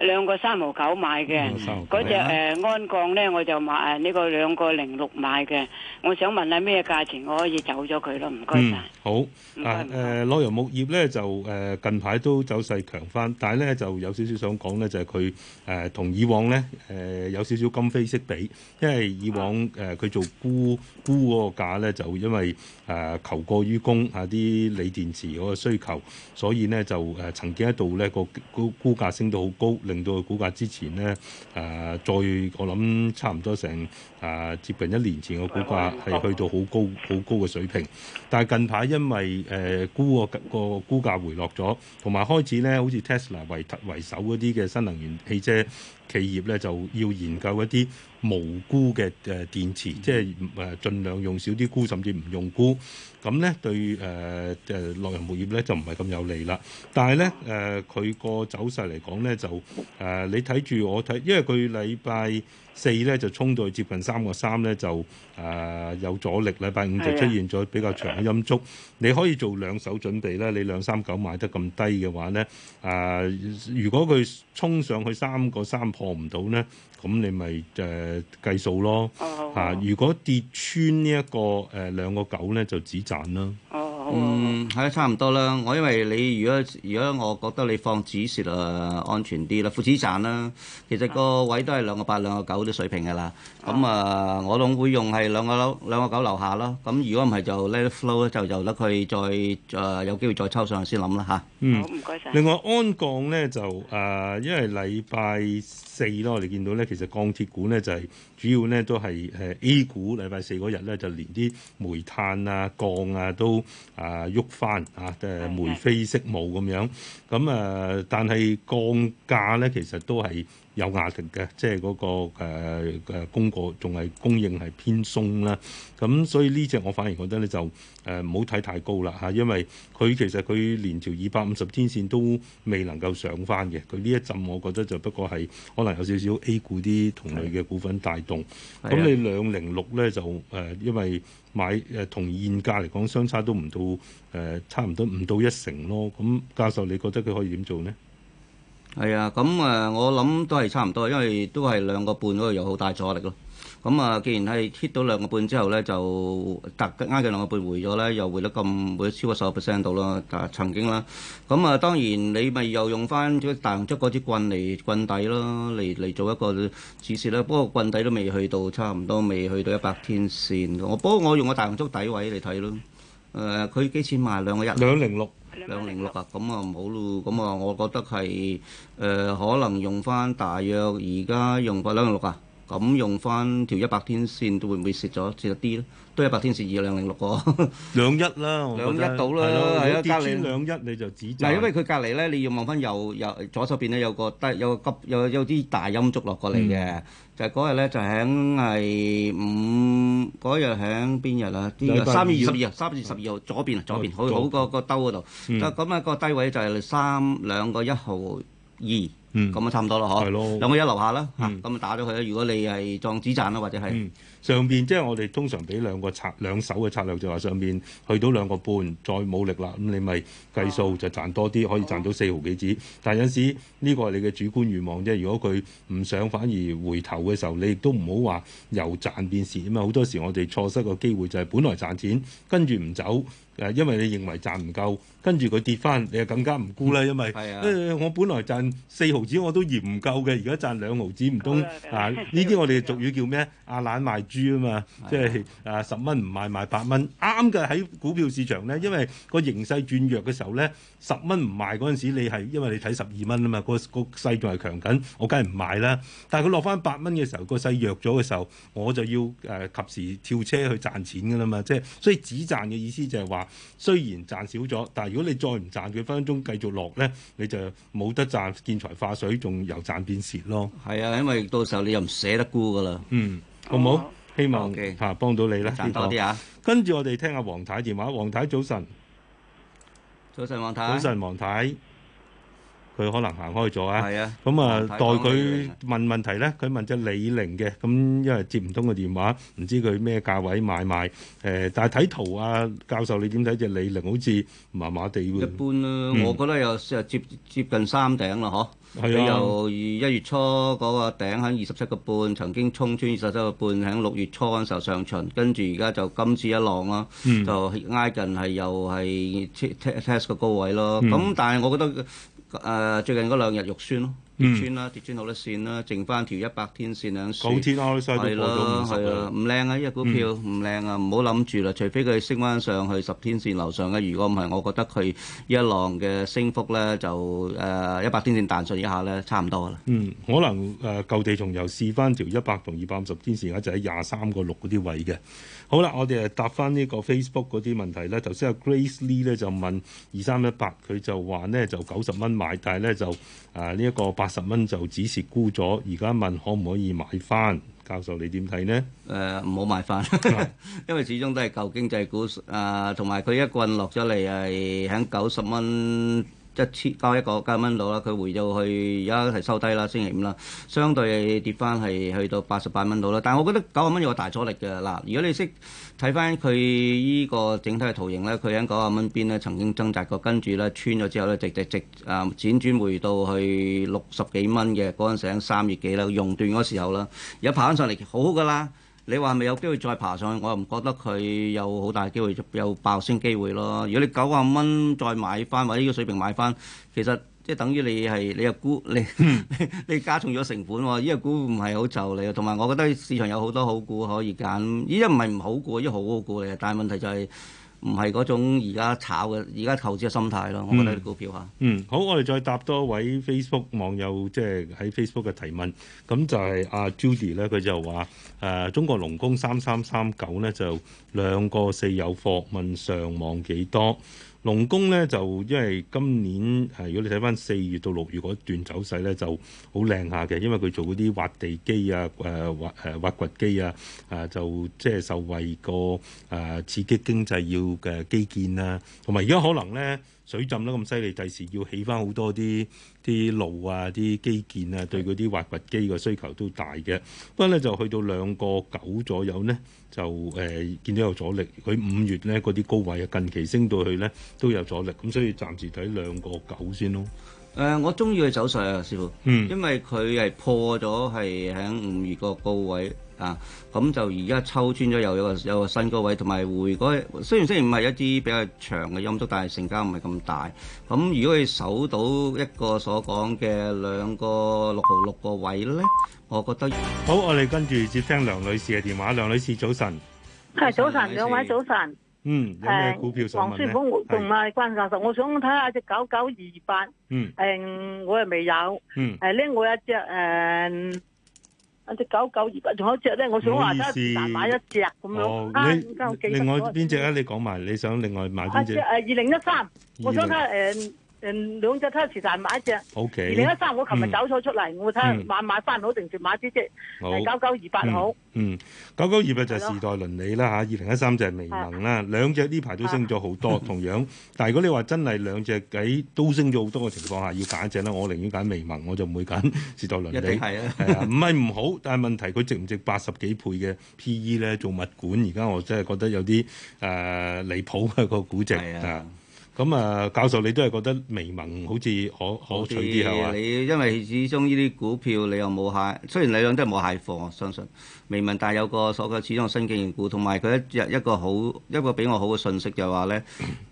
兩個三毫九買嘅，嗰隻誒安鋼咧，我就買呢個兩個零六買嘅。我想問下咩價錢我可以走咗佢咯？唔該曬。好，誒誒，洛陽鉬業咧就誒近排都走勢強返，但係咧就有少少想講咧，就係佢誒同以往咧誒有少少今非昔比，因為以往誒佢做鈷鈷嗰個價咧，就因為誒求過於供啊啲鋰電池嗰個需求，所以咧就誒曾經喺度咧個鈷鈷價升到好高。令到個股價之前咧，誒、呃、再我諗差唔多成誒、呃、接近一年前嘅股價，係去到好高好高嘅水平，但係近排因為誒、呃、估個個股價回落咗，同埋開始咧好似 Tesla 為為首嗰啲嘅新能源汽車。企業咧就要研究一啲無鉛嘅誒電池，即係誒儘量用少啲鉛，甚至唔用鉛。咁咧對誒誒落油業咧就唔係咁有利啦。但係咧誒佢個走勢嚟講咧就誒、呃、你睇住我睇，因為佢禮拜四咧就衝到接近三個三咧就誒、呃、有阻力啦，禮拜五就出現咗比較長嘅陰燭。的你可以做兩手準備啦。你兩三九買得咁低嘅話咧，誒、呃、如果佢衝上去三個三破唔到咧，咁你咪誒、呃、計數咯嚇、啊。如果跌穿、這個呃、呢一個誒兩個九咧，就止賺啦。嗯，係啊，差唔多啦。我因為你如果如果我覺得你放止蝕啊安全啲啦，副止賺啦，其實個位都係兩個八兩個九啲水平㗎啦。咁啊，啊，我都會用係兩個樓兩個九樓下咯。咁、啊、如果唔係就 let flow 就，就由得佢再誒、啊、有機會再抽上先諗啦嚇。啊、嗯，唔該曬。另外安鋼咧就誒、呃，因為禮拜四咯，我哋見到咧其實鋼鐵股咧就係、是、主要咧都係誒 A 股禮拜四嗰日咧就連啲煤炭啊鋼啊都。啊啊啊，喐翻啊，即係眉飛色舞咁樣咁啊，但係降價咧，其實都係有壓力嘅，即係嗰、嗰個誒供、呃、過，仲係供應係偏鬆啦。咁所以呢隻我反而覺得咧就唔好睇太高啦嚇，因為佢其實佢連條二百五十天線都未能夠上返嘅。佢呢一陣我覺得就不過係可能有少少 A 股啲同類嘅股份帶動。咁你兩零六咧就誒，因為買誒同現價嚟講相差都唔到誒，差唔多唔到一成咯。咁教授，你覺得佢可以點做咧？係啊，咁啊、嗯，我諗都係差唔多，因為都係兩個半嗰度有好大阻力咯。咁、嗯、啊，既然係貼到兩個半之後咧，就突挨住兩個半回咗咧，又回得咁，回超過十個 percent 度咯。但曾經啦，咁、嗯、啊、嗯，當然你咪又用翻大紅竹嗰支棍嚟棍底咯，嚟嚟做一個指示啦。不過棍底都未去到，差唔多未去到一百天線。我不過我用個大紅竹底位嚟睇咯。誒，佢、呃、幾錢賣兩個一？兩零六。兩零六啊，咁啊唔好咯，咁啊，我覺得係誒、呃、可能用翻大約，而家用個兩零六啊。咁用翻條一百天線，都會唔會蝕咗蝕咗啲咧？都一百天線二零零六喎，兩一啦，兩一到啦，係咯，加你兩一你就止。嗱，因為佢隔離咧，你要望翻右右左手邊咧，有個低，有個急，有有啲大陰燭落過嚟嘅。就係嗰日咧，就係響五嗰日，響邊日啊？三月十二啊，三月十二號左邊啊，左邊好好個個兜嗰度。咁啊個低位就係三兩個一毫二。嗯，咁啊差唔多咯，嗬的，係咯，兩個一樓下啦，吓、嗯，咁啊打咗佢啦。如果你係撞子賺啦，或者係、嗯嗯、上邊，即、就、係、是、我哋通常俾兩個策兩手嘅策略就話，上邊去到兩個半，再冇力啦，咁、嗯、你咪計數、啊、就賺多啲，可以賺到四毫幾子。啊、但係有時呢、這個係你嘅主觀願望即啫。如果佢唔想反而回頭嘅時候，你亦都唔好話由賺變蝕啊嘛。好多時我哋錯失個機會就係本來賺錢，跟住唔走，因為你認為賺唔夠，跟住佢跌翻，你又更加唔沽啦。因為，誒、啊哎，我本來賺四毫子我都嫌唔夠嘅，而家賺兩毫子唔通啊？呢啲、啊、我哋俗語叫咩？阿、啊、懶賣豬啊嘛，即係啊，啊十蚊唔賣賣八蚊，啱嘅喺股票市場咧，因為個形勢轉弱嘅時候咧，十蚊唔賣嗰陣時你，你係因為你睇十二蚊啊嘛，個、個勢仲係強緊，我梗係唔賣啦。但係佢落翻八蚊嘅時候，個勢弱咗嘅時候，我就要誒及時跳車去賺錢噶啦嘛，即係所以止賺嘅意思就係話。雖然賺少咗，但係如果你再唔賺，佢分分鐘繼續落咧，你就冇得賺，見財化水，仲由賺變蝕咯。係啊，因為到時候你又唔捨得沽噶啦。嗯，好唔好？啊、希望吓幫、啊 okay 啊、到你啦。賺多啲啊！這個、跟住我哋聽下黃太電話。黃太早晨，早晨黃太。早晨黃太。佢可能行開咗啊！咁啊，代佢、嗯、問問題咧，佢問隻李寧嘅咁，因為接唔通個電話，唔知佢咩價位買賣誒、呃。但係睇圖啊，教授你點睇隻李寧？好似麻麻地一般啦，般啊嗯、我覺得又接接近三頂啦，嗬。啊。由一月初嗰個頂喺二十七個半，曾經衝穿二十七個半，喺六月初嗰陣時候上循，跟住而家就今次一浪啦、啊，嗯、就挨近係又係 test 個高位咯。咁、嗯、但係我覺得。誒最近嗰兩日肉酸咯，嗯、跌穿啦，跌穿好多線啦、啊，剩翻條一百天線兩線。九天的啊！犀利到係咯係啊，唔靚啊，依個股票唔靚啊，唔好諗住啦。除非佢升翻上去十天線樓上嘅，如果唔係，我覺得佢一浪嘅升幅咧就誒一百天線彈上一下咧，差唔多啦。嗯，可能誒舊、呃、地重遊，試翻條一百同二百五十天線，而家就喺廿三個六嗰啲位嘅。好啦，我哋誒答翻呢個 Facebook 嗰啲問題咧。頭先阿 Grace Lee 咧就問二三一八，佢就話咧就九十蚊買，但係咧就誒呢一個八十蚊就只是沽咗，而家問可唔可以買翻？教授你點睇呢？誒唔好買翻， 因為始終都係舊經濟股誒，同埋佢一棍落咗嚟係喺九十蚊。一千交一個九啊蚊度啦，佢回到去而家係收低啦，星期五啦，相對跌翻係去到八十八蚊度啦。但係我覺得九啊蚊有個大阻力嘅嗱。如果你識睇翻佢依個整體嘅圖形咧，佢喺九啊蚊邊咧曾經掙扎過，跟住咧穿咗之後咧直直直啊輾轉回到去六十幾蚊嘅嗰陣時三月幾啦，熔斷嗰時候啦，而家爬翻上嚟好好噶啦。你話係咪有機會再爬上去？我又唔覺得佢有好大機會，有爆升機會咯。如果你九十蚊再買返，或者呢個水平買返，其實即係等於你係你又估，你你，你加重咗成本喎。依、這個股唔係好就你，同埋我覺得市場有好多好股可以揀。依隻唔係唔好股，一好股嚟嘅，但係問題就係、是。唔係嗰種而家炒嘅，而家投資嘅心態咯，我覺得股票吓、嗯。嗯，好，我哋再答多位 Facebook 網友，即、就、係、是、喺 Facebook 嘅提問。咁就係阿、啊、Judy 咧，佢就話：誒、呃、中國龍工三三三九呢，就兩個四有貨，問上望幾多？龍工咧就因為今年誒、啊，如果你睇翻四月到六月嗰段走勢咧，就好靚下嘅，因為佢做嗰啲挖地機啊、誒挖誒挖掘機啊，啊就即係受惠個誒、啊、刺激經濟要嘅基建啊，同埋而家可能咧水浸得咁犀利，第時要起翻好多啲。啲路啊、啲基建啊，對嗰啲挖掘機個需求都大嘅。不過咧，就去到兩個九左右咧，就誒、呃、見到有阻力。佢五月咧嗰啲高位啊，近期升到去咧都有阻力。咁所以暫時睇兩個九先咯。誒、呃，我中意佢走勢啊，師傅，因為佢係破咗係喺五月個高位。啊，咁就而家抽穿咗，又有個新高位，同埋回嗰，雖然雖然唔係一啲比較長嘅陰燭，但係成交唔係咁大。咁如果佢守到一個所講嘅兩個六號六個位咧，我覺得好。我哋跟住接聽梁女士嘅電話，梁女士早晨，係早晨，兩位早晨，嗯，有咩股票想問咧？王師傅活動啊，關教授，我想睇下隻九九二八，嗯，誒，我又未有，嗯，誒咧，我有一隻誒。隻九九二八，仲有一隻咧，我想話得再買一隻咁樣。哦、啊，你另外邊隻咧？你講埋，你想另外買邊隻？誒，二零一三，零我想睇下誒。嗯誒兩隻其實係買一隻，二零一三我琴日走咗出嚟，我睇下買買翻好定住買啲隻九九二八好。嗯，九九二八就係時代鄰里啦嚇，二零一三就係微盟啦，兩隻呢排都升咗好多。同樣，但係如果你話真係兩隻計都升咗好多嘅情況下，要揀一隻咧，我寧願揀微盟，我就唔會揀時代鄰里。一定係啊，唔係唔好，但係問題佢值唔值八十幾倍嘅 PE 咧？做物管而家我真係覺得有啲誒離譜嘅個估值啊。咁啊，教授你都係覺得微盟好似可好像可取啲係嘛？吧你因為始終呢啲股票你又冇蟹，雖然你兩都係冇蟹貨，相信微盟，但係有個所謂始終新經營股，同埋佢一日一個好一個比我好嘅信息，就係話咧，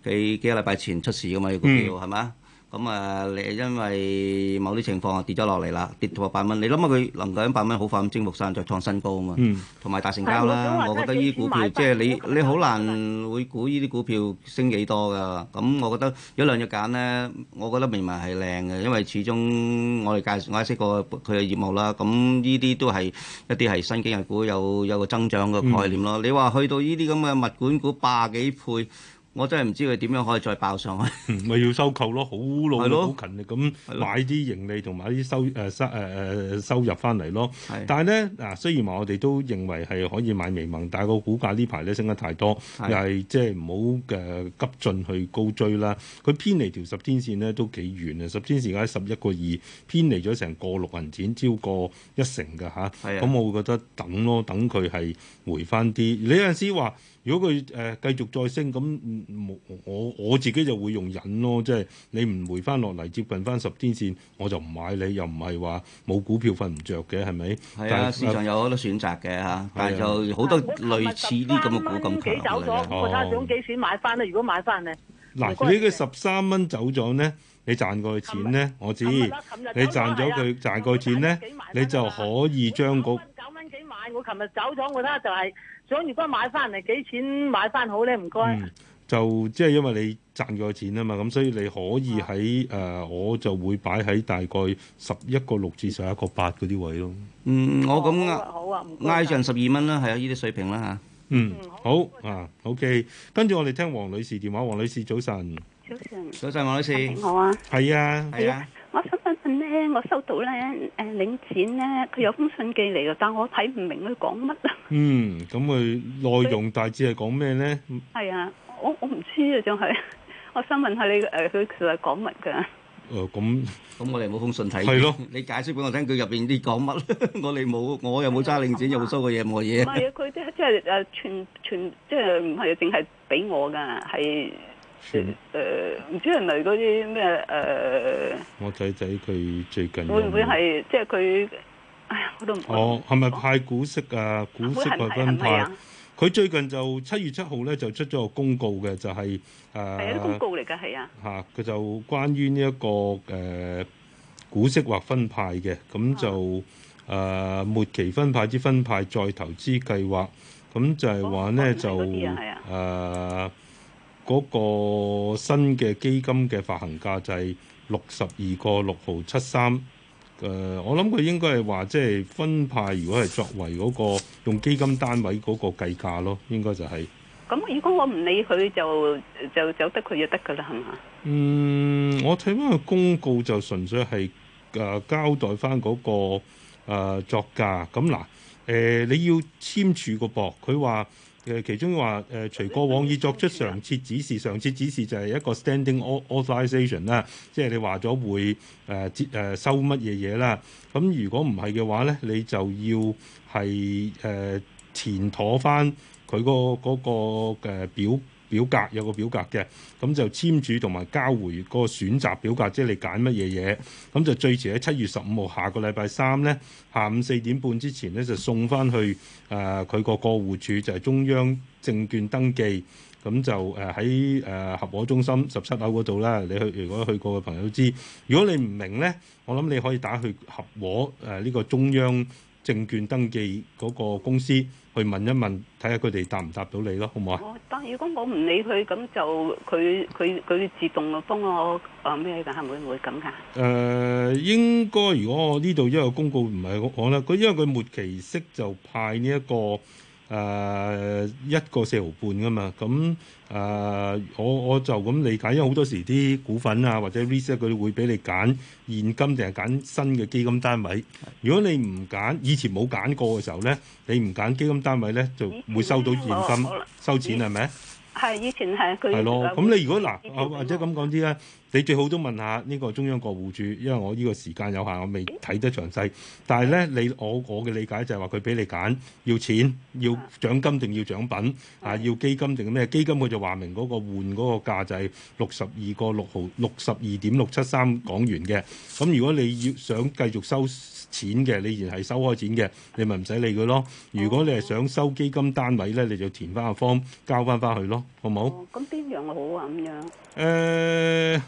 幾幾個禮拜前出事嘅嘛，個股票係嘛？嗯咁啊！你、嗯嗯、因為某啲情況啊跌咗落嚟啦，跌到一百蚊。你諗下佢能夠一百蚊好快咁蒸目曬，再創新高啊嘛！同埋大成交啦，嗯、我覺得呢啲股票即係你你好難會估呢啲股票升幾多噶。咁、嗯、我覺得有兩隻揀咧，我覺得明明係靚嘅，因為始終我哋介紹解釋過佢嘅業務啦。咁呢啲都係一啲係新經濟股有有個增長嘅概念咯。嗯、你話去到呢啲咁嘅物管股百幾倍？我真係唔知佢點樣可以再爆上去，咪 要收購的收、呃、收咯，好老力、好勤力咁買啲盈利同埋啲收誒收誒誒收入翻嚟咯。但係咧，嗱雖然話我哋都認為係可以買微盟，但係個股價呢排咧升得太多，又係即係唔好嘅急進去高追啦。佢偏離條十天線咧都幾遠啊！十天線而家十一個二，偏離咗成個六銀錢，超過一成㗎吓，咁是的 我會覺得等咯，等佢係回翻啲。你有陣時話。如果佢誒繼續再升，咁我我自己就會用忍咯，即係你唔回翻落嚟接近翻十天線，我就唔買你。又唔係話冇股票瞓唔着嘅，係咪？係啊，市場有好多選擇嘅嚇，但係就好多類似啲咁嘅股咁強嘅。哦，但係想幾錢買翻咧？如果買翻咧，嗱，你嘅十三蚊走咗咧，你賺過錢咧，我知。你賺咗佢賺過錢咧，你就可以將嗰九蚊幾買。我琴日走咗，我睇就係。想如果買翻嚟幾錢買翻好咧？唔該，就即係因為你賺咗錢啊嘛，咁所以你可以喺誒，我就會擺喺大概十一個六至十一個八嗰啲位咯。嗯，我咁啊，好啊，挨上十二蚊啦，係啊，呢啲水平啦吓。嗯，好啊，OK。跟住我哋聽黃女士電話，黃女士早晨，早晨，早晨，黃女士，好啊，係啊，係啊。我想問問咧，我收到咧，誒領展咧，佢有封信寄嚟嘅，但我睇唔明佢講乜啊？嗯，咁佢內容大致係講咩咧？係啊，我我唔知啊，仲係，我想問下你誒，佢其實係講乜㗎？誒，咁咁我哋冇封信睇。係咯，你解釋俾我聽，佢入邊啲講乜？我哋冇，我又冇揸領展，又冇收過嘢，冇嘢。唔係啊，佢即係誒，全全即係唔係淨係俾我㗎，係。誒唔知人哋嗰啲咩誒？我仔仔佢最近會唔會係即係佢？哎呀我都唔。哦，係咪派股息啊？股息或分派？佢最近就七月七號咧就出咗個公告嘅，就係誒誒公告嚟㗎係啊嚇，佢就關於呢一個誒股息或分派嘅，咁就誒末期分派之分派再投資計劃，咁就係話咧就誒。嗰個新嘅基金嘅發行價就係六十二個六毫七三，誒、呃，我諗佢應該係話即係分派，如果係作為嗰個用基金單位嗰個計價咯，應該就係、是。咁如果我唔理佢，就就走得佢就得噶啦，係嘛？嗯，我睇翻個公告就純粹係誒、呃、交代翻嗰、那個、呃、作價。咁嗱，誒、呃、你要簽署個噃，佢話。誒，其中話誒，隨、呃、過往已作出上次指示，上次指示就係一個 standing authorisation、呃呃、啦，即係你話咗會誒接誒收乜嘢嘢啦。咁如果唔係嘅話咧，你就要係誒填妥翻佢個嗰個嘅表。表格有個表格嘅，咁就簽署同埋交回個選擇表格，即係你揀乜嘢嘢，咁就最遲喺七月十五號下個禮拜三咧，下午四點半之前咧就送翻去誒佢個過戶處，就係中央證券登記，咁就誒喺誒合和中心十七樓嗰度啦。你去如果去過嘅朋友都知，如果你唔明咧，我諗你可以打去合和誒呢個中央證券登記嗰個公司。去問一問，睇下佢哋答唔答到你咯，好唔好啊？但如果我唔理佢，咁就佢佢佢自動就幫我啊咩嘅，會唔會咁嚇？誒，應該如果我，一個我呢度因為公告唔係咁講啦，佢因為佢末期息就派呢、這、一個。誒一個四毫半㗎嘛，咁誒、uh, 我我就咁理解，因為好多時啲股份啊或者 research 佢會俾你揀現金定係揀新嘅基金單位。如果你唔揀，以前冇揀過嘅時候咧，你唔揀基金單位咧，就會收到現金收錢係咪？係，以前係佢。係咯，咁你如果嗱，呃啊、或者咁講啲咧，你最好都問下呢個中央國庫主，因為我呢個時間有限，我未睇得詳細。但係咧，你我我嘅理解就係話佢俾你揀，要錢，要獎金定要獎品，啊，啊要基金定咩？基金佢就話明嗰個換嗰個價就係六十二個六毫，六十二點六七三港元嘅。咁如果你要想繼續收錢嘅，你而係收開錢嘅，你咪唔使理佢咯。如果你係想收基金單位咧，你就填翻個 form 交翻翻去咯，好唔好？咁邊、哦、樣好啊？咁樣誒，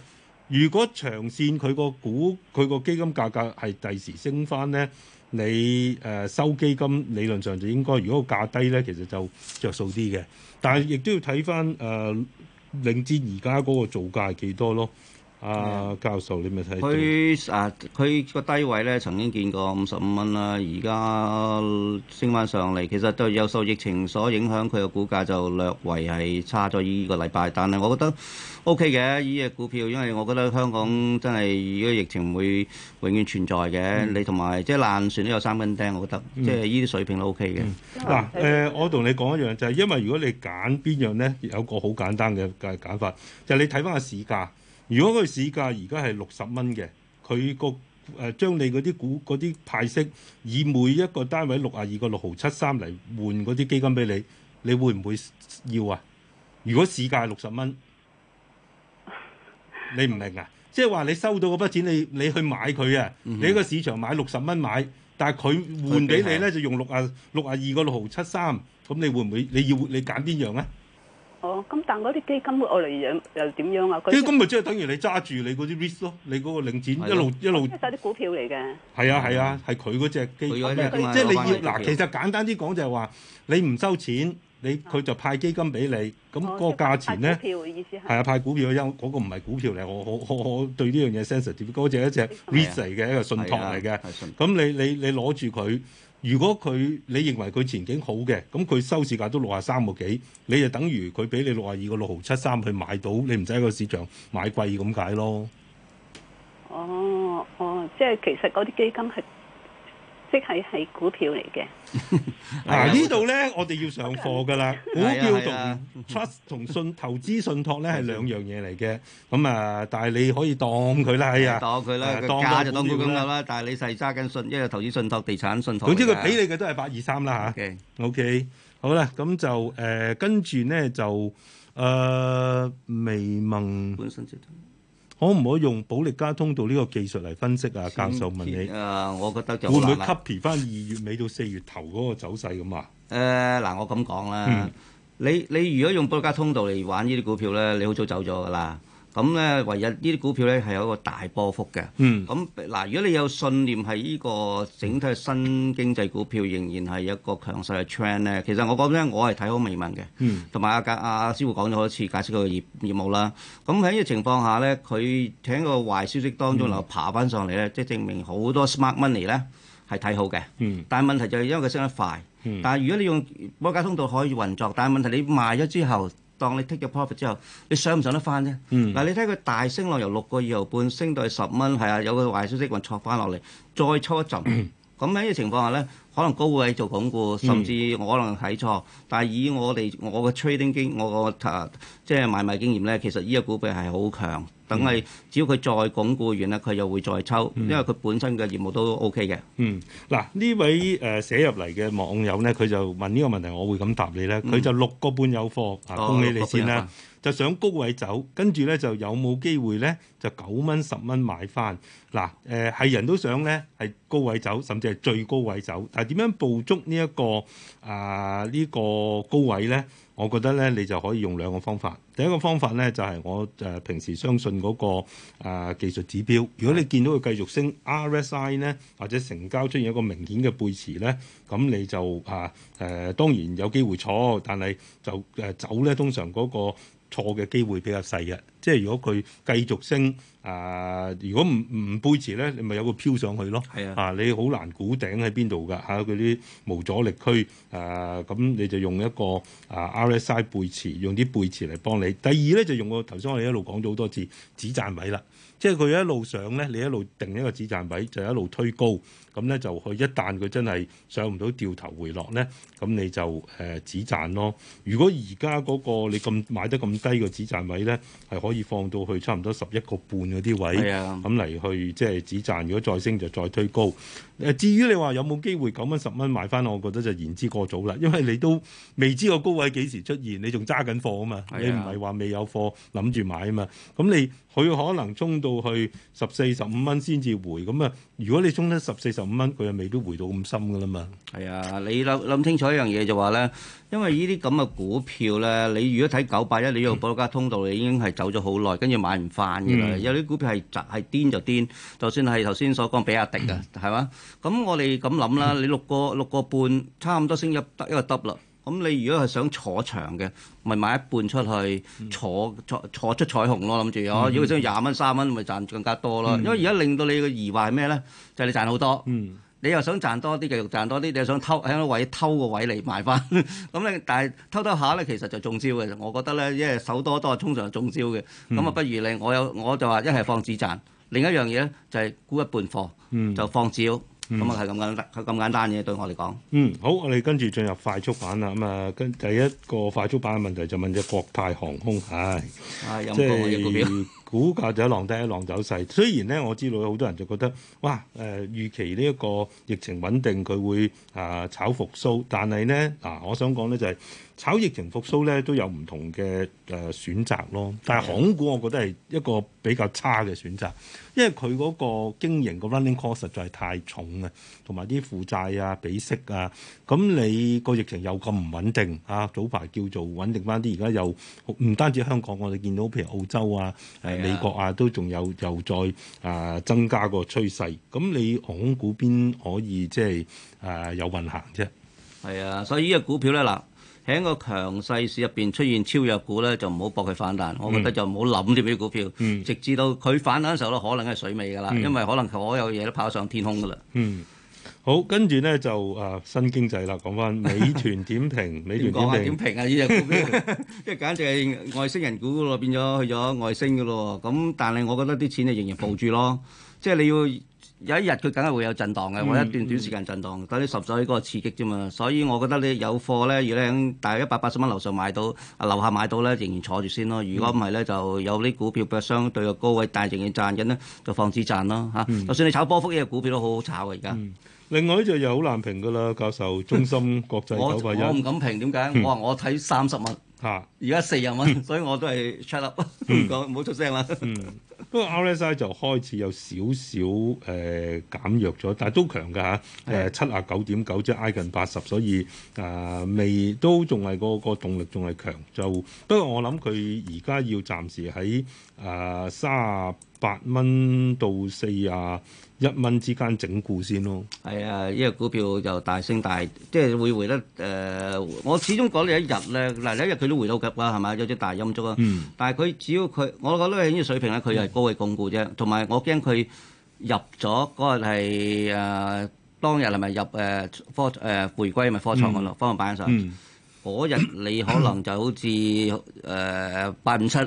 如果長線佢個股佢個基金價格係第時升翻咧，你誒、呃、收基金理論上就應該。如果個價低咧，其實就着數啲嘅。但係亦都要睇翻誒領展而家嗰個造價係幾多咯。阿、啊、教授，你咪睇佢啊！佢個低位咧曾經見過五十五蚊啦，而家升翻上嚟。其實都有受疫情所影響，佢嘅股價就略為係差咗依個禮拜。但係我覺得 OK 嘅依隻股票，因為我覺得香港真係如果疫情唔會永遠存在嘅。嗯、你同埋即係爛船都有三斤釘，我覺得、嗯、即係依啲水平都 OK 嘅嗱。誒，我同你講一樣就係、是，因為如果你揀邊樣咧，有個好簡單嘅揀法，就係、是、你睇翻個市價。如果佢市價而家係六十蚊嘅，佢、嗰個誒、呃、將你嗰啲股嗰啲派息以每一個單位六啊二個六毫七三嚟換嗰啲基金俾你，你會唔會要啊？如果市價六十蚊，你唔明啊？即係話你收到嗰筆錢，你你去買佢啊？你喺個市場買六十蚊買，但係佢換俾你咧就用六啊六啊二個六毫七三，咁你會唔會你要？你揀邊樣咧？哦，咁但嗰啲基金我嚟養又點樣啊？啲基金咪即係等於你揸住你嗰啲 risk 咯，你嗰個領展一路一路晒啲股票嚟嘅。係啊係啊，係佢嗰隻基金，即係你要嗱，其實簡單啲講就係、是、話你唔收錢，你佢、啊、就派基金俾你，咁、嗯那個價錢咧係啊派股票嘅意思係啊派股票因嗰、那個唔係股票嚟，我我我我對呢樣嘢 sensitive，嗰隻係一隻 risk 嚟嘅一個信託嚟嘅，咁、嗯、你的你你攞住佢。如果佢你認為佢前景好嘅，咁佢收市價都六啊三個幾，你就等於佢俾你六啊二個六毫七三去買到，你唔使喺個市場買貴咁解咯。哦哦，即係其實嗰啲基金係。即係係股票嚟嘅，嗱呢度咧，我哋要上課噶啦，股票同 trust 同信投資信託咧係兩樣嘢嚟嘅，咁啊，但係你可以當佢啦，係啊，當佢啦，個價就當佢咁樣啦，但係你細揸緊信，因為投資信託地產信託，總之佢俾你嘅都係八二三啦吓，OK，好啦，咁就誒跟住咧就誒未問。可唔可以用保利加通道呢個技術嚟分析啊？前教授問你，啊、我覺得就會唔會 copy 翻二月尾到四月頭嗰個走勢咁啊？誒嗱、呃，我咁講啦，嗯、你你如果用保利加通道嚟玩呢啲股票咧，你好早走咗㗎啦。咁咧，唯一呢啲股票咧係有一個大波幅嘅。咁嗱、嗯，如果你有信念係呢個整體新經濟股票仍然係一個強勢嘅 trend 咧，其實我覺得咧，我係睇好微盟嘅。同埋阿格阿阿師傅講咗好多次，解釋佢業業務啦。咁喺呢個情況下咧，佢喺個壞消息當中又爬翻上嚟咧，嗯、即係證明多好多 smart money 咧係睇好嘅。嗯、但係問題就係因為佢升得快，嗯、但係如果你用波交通道可以運作，但係問題你賣咗之後。當你 take 咗 profit 之後，你上唔上得翻啫？嗱、嗯，你睇佢大升浪由六個二毫半升到去十蚊，係啊，有個壞消息運挫翻落嚟，再抽一陣。嗯咁喺呢情況下咧，可能高位做鞏固，甚至我可能睇錯。嗯、但係以我哋我嘅 trading 經，我嘅、啊、即係買賣經驗咧，其實呢個股份係好強。等係只要佢再鞏固完咧，佢又會再抽，嗯、因為佢本身嘅業務都 O K 嘅。嗯，嗱呢位誒寫、呃、入嚟嘅網友咧，佢就問呢個問題，我會咁答你咧。佢就六個半有貨，嗯、恭喜你先啦、哦！就想高位走，跟住咧就有冇機會咧就九蚊十蚊買翻。嗱，誒，係人都想咧係高位走，甚至係最高位走。但係點樣捕捉呢、這、一個啊呢、呃、這個高位咧？我覺得咧你就可以用兩個方法。第一個方法咧就係、是、我誒、呃、平時相信嗰、那個、啊、呃、技術指標，如果你見到佢繼續升 RSI 咧，或者成交出現一個明顯嘅背馳咧，咁你就啊誒、呃呃、當然有機會坐，但係就誒、呃、走咧通常嗰、那個。錯嘅機會比較細嘅，即係如果佢繼續升，啊、呃，如果唔唔背馳咧，你咪有個飄上去咯。係啊，啊你好難估頂喺邊度㗎？嚇、啊，啲無阻力區，啊、呃，咁你就用一個啊 RSI 背馳，用啲背馳嚟幫你。第二咧就用個頭先我哋一路講咗好多次止賺位啦。即係佢一路上咧，你一路定一個止賺位，就一路推高。咁咧就佢一旦佢真係上唔到，掉頭回落咧，咁你就誒止賺咯。如果而家嗰個你咁買得咁低嘅止賺位咧，係可以放到去差唔多十一個半嗰啲位咁嚟的去即係止賺。如果再升就再推高。誒，至於你話有冇機會九蚊十蚊買翻，我覺得就言之過早啦。因為你都未知個高位幾時出現，你仲揸緊貨啊嘛。的你唔係話未有貨諗住買啊嘛。咁你佢可能衝到，到去十四十五蚊先至回，咁啊！如果你充得十四十五蚊，佢又未都回到咁深噶啦嘛。係啊，你諗諗清楚一樣嘢就話咧，因為呢啲咁嘅股票咧，你如果睇九八一，你呢個保力加通道，你已經係走咗好耐，跟住買唔翻噶啦。有啲、嗯、股票係集係癲就癲，就算係頭先所講比亞迪啊，係嘛、嗯？咁我哋咁諗啦，你六個六個半差唔多升入得一個得啦。咁你如果係想坐長嘅，咪買一半出去坐坐坐出彩虹咯，諗住哦。如果想廿蚊三蚊，咪賺更加多啦。嗯、因為而家令到你嘅疑惑係咩咧？就係、是、你賺好多，嗯、你又想賺多啲，繼續賺多啲，你又想偷喺個位偷個位嚟賣翻。咁你 但係偷偷下咧，其實就中招嘅。我覺得咧，因為手多多，通常中招嘅。咁啊、嗯，不如你我有我就話一係放止賺，另一樣嘢咧就係、是、沽一半貨，就放止咁啊，係咁簡單，係咁簡單嘅，對我嚟講。嗯，好，我哋跟住進入快速版啦。咁、嗯、啊，跟第一個快速版嘅問題就問咗國泰航空嚇，即、哎、係股價就一浪低一浪走勢。雖然咧，我知道有好多人就覺得，哇，誒、呃、預期呢一個疫情穩定，佢會啊、呃、炒復甦，但係咧嗱，我想講咧就係、是。炒疫情復甦咧都有唔同嘅誒、呃、選擇咯，但係航空股，我覺得係一個比較差嘅選擇，因為佢嗰個經營個 running cost 實在係太重啊，同埋啲負債啊、比息啊，咁你個疫情又咁唔穩定啊。早排叫做穩定翻啲，而家又唔單止香港，我哋見到譬如澳洲啊、誒美是、啊啊、國啊，都仲有又再啊、呃、增加個趨勢。咁你航空股邊可以即係誒有運行啫？係啊，所以呢個股票咧嗱。喺個強勢市入邊出現超弱股咧，就唔好搏佢反彈。嗯、我覺得就唔好諗啲啲股票，嗯、直至到佢反彈嘅時候咧，可能係水尾㗎啦。嗯、因為可能所有嘢都跑上天空㗎啦。嗯，好，跟住咧就誒、啊、新經濟啦，講翻美團點評？ 美團點評啊？點評啊？呢隻股即係簡直係外星人股咯，變咗去咗外星㗎咯。咁但係我覺得啲錢係仍然保住咯，嗯、即係你要。有一日佢梗係會有震動嘅，嗯、或者一段短時間震動，嗯、等啲受咗呢個刺激啫嘛。所以我覺得你有貨咧，如果喺大約一百八十蚊樓上買到，啊樓下買到咧，仍然坐住先咯。如果唔係咧，就有啲股票比較相對嘅高位，但係仍然賺緊咧，就放止賺咯嚇。啊嗯、就算你炒波幅，呢個股票都好好炒啊。而家、嗯。另外呢隻又好難評噶啦，教授，中芯國際九百 我我唔敢評，點解？我話我睇三十蚊。吓！而家四廿蚊，嗯、所以我都係 shut up，唔講，唔好出聲啦。嗯，不過、嗯、 RSI 就開始有少少誒、呃、減弱咗，但係都強嘅嚇。誒七啊九點九，呃、9，即係挨近八十，所以啊、呃，未都仲係個個動力仲係強。就不過我諗佢而家要暫時喺啊三啊八蚊到四啊一蚊之間整固先咯，係啊，因、這、為、個、股票又大升大，大即係會回得誒、呃。我始終講你一日咧，嗱一日佢都回到吉啦，係咪？有啲大陰燭啊，嗯、但係佢只要佢，我覺得喺呢個水平咧，佢係高位供股啫。同埋我驚佢入咗嗰日係誒當日係咪入誒、呃、科誒、呃、回歸咪科創嗰度方嘅板上。嗯嗰日你可能就好似誒八五七，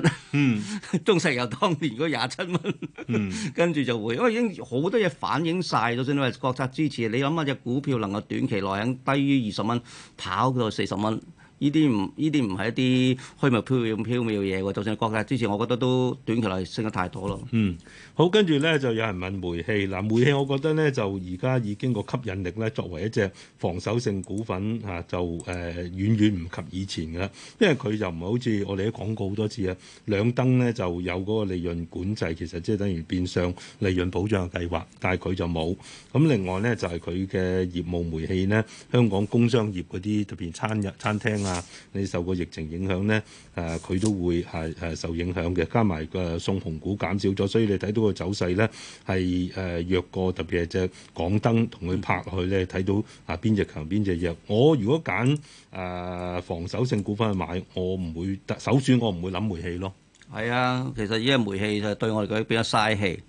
中石油當年嗰廿七蚊， 跟住就會，因為已經好多嘢反映晒，就算你話國策支持，你諗下隻股票能夠短期內喺低於二十蚊跑到四十蚊。呢啲唔呢啲唔係一啲虛無飄渺咁飄渺嘢喎，就算係國際支持，我覺得都短期內升得太多咯。嗯，好，跟住咧就有人問煤氣，嗱煤氣，我覺得咧就而家已經個吸引力咧，作為一隻防守性股份嚇、啊，就誒、呃、遠遠唔及以前㗎。因為佢就唔係好似我哋都講過好多次啊，兩電咧就有嗰個利潤管制，其實即係等於變相利潤保障嘅計劃，但係佢就冇。咁另外咧就係佢嘅業務煤氣咧，香港工商業嗰啲特別係餐餐廳，啊！你受個疫情影響咧，誒、啊、佢都會係係、啊啊、受影響嘅，加埋個送紅股減少咗，所以你睇到個走勢咧係誒弱過，特別係隻港燈同佢拍落去咧，睇、嗯、到啊邊隻強邊隻弱。我如果揀誒、啊、防守性股份去買，我唔會首選，我唔會諗煤氣咯。係啊，其實因為煤氣就對我嚟講比較嘥氣，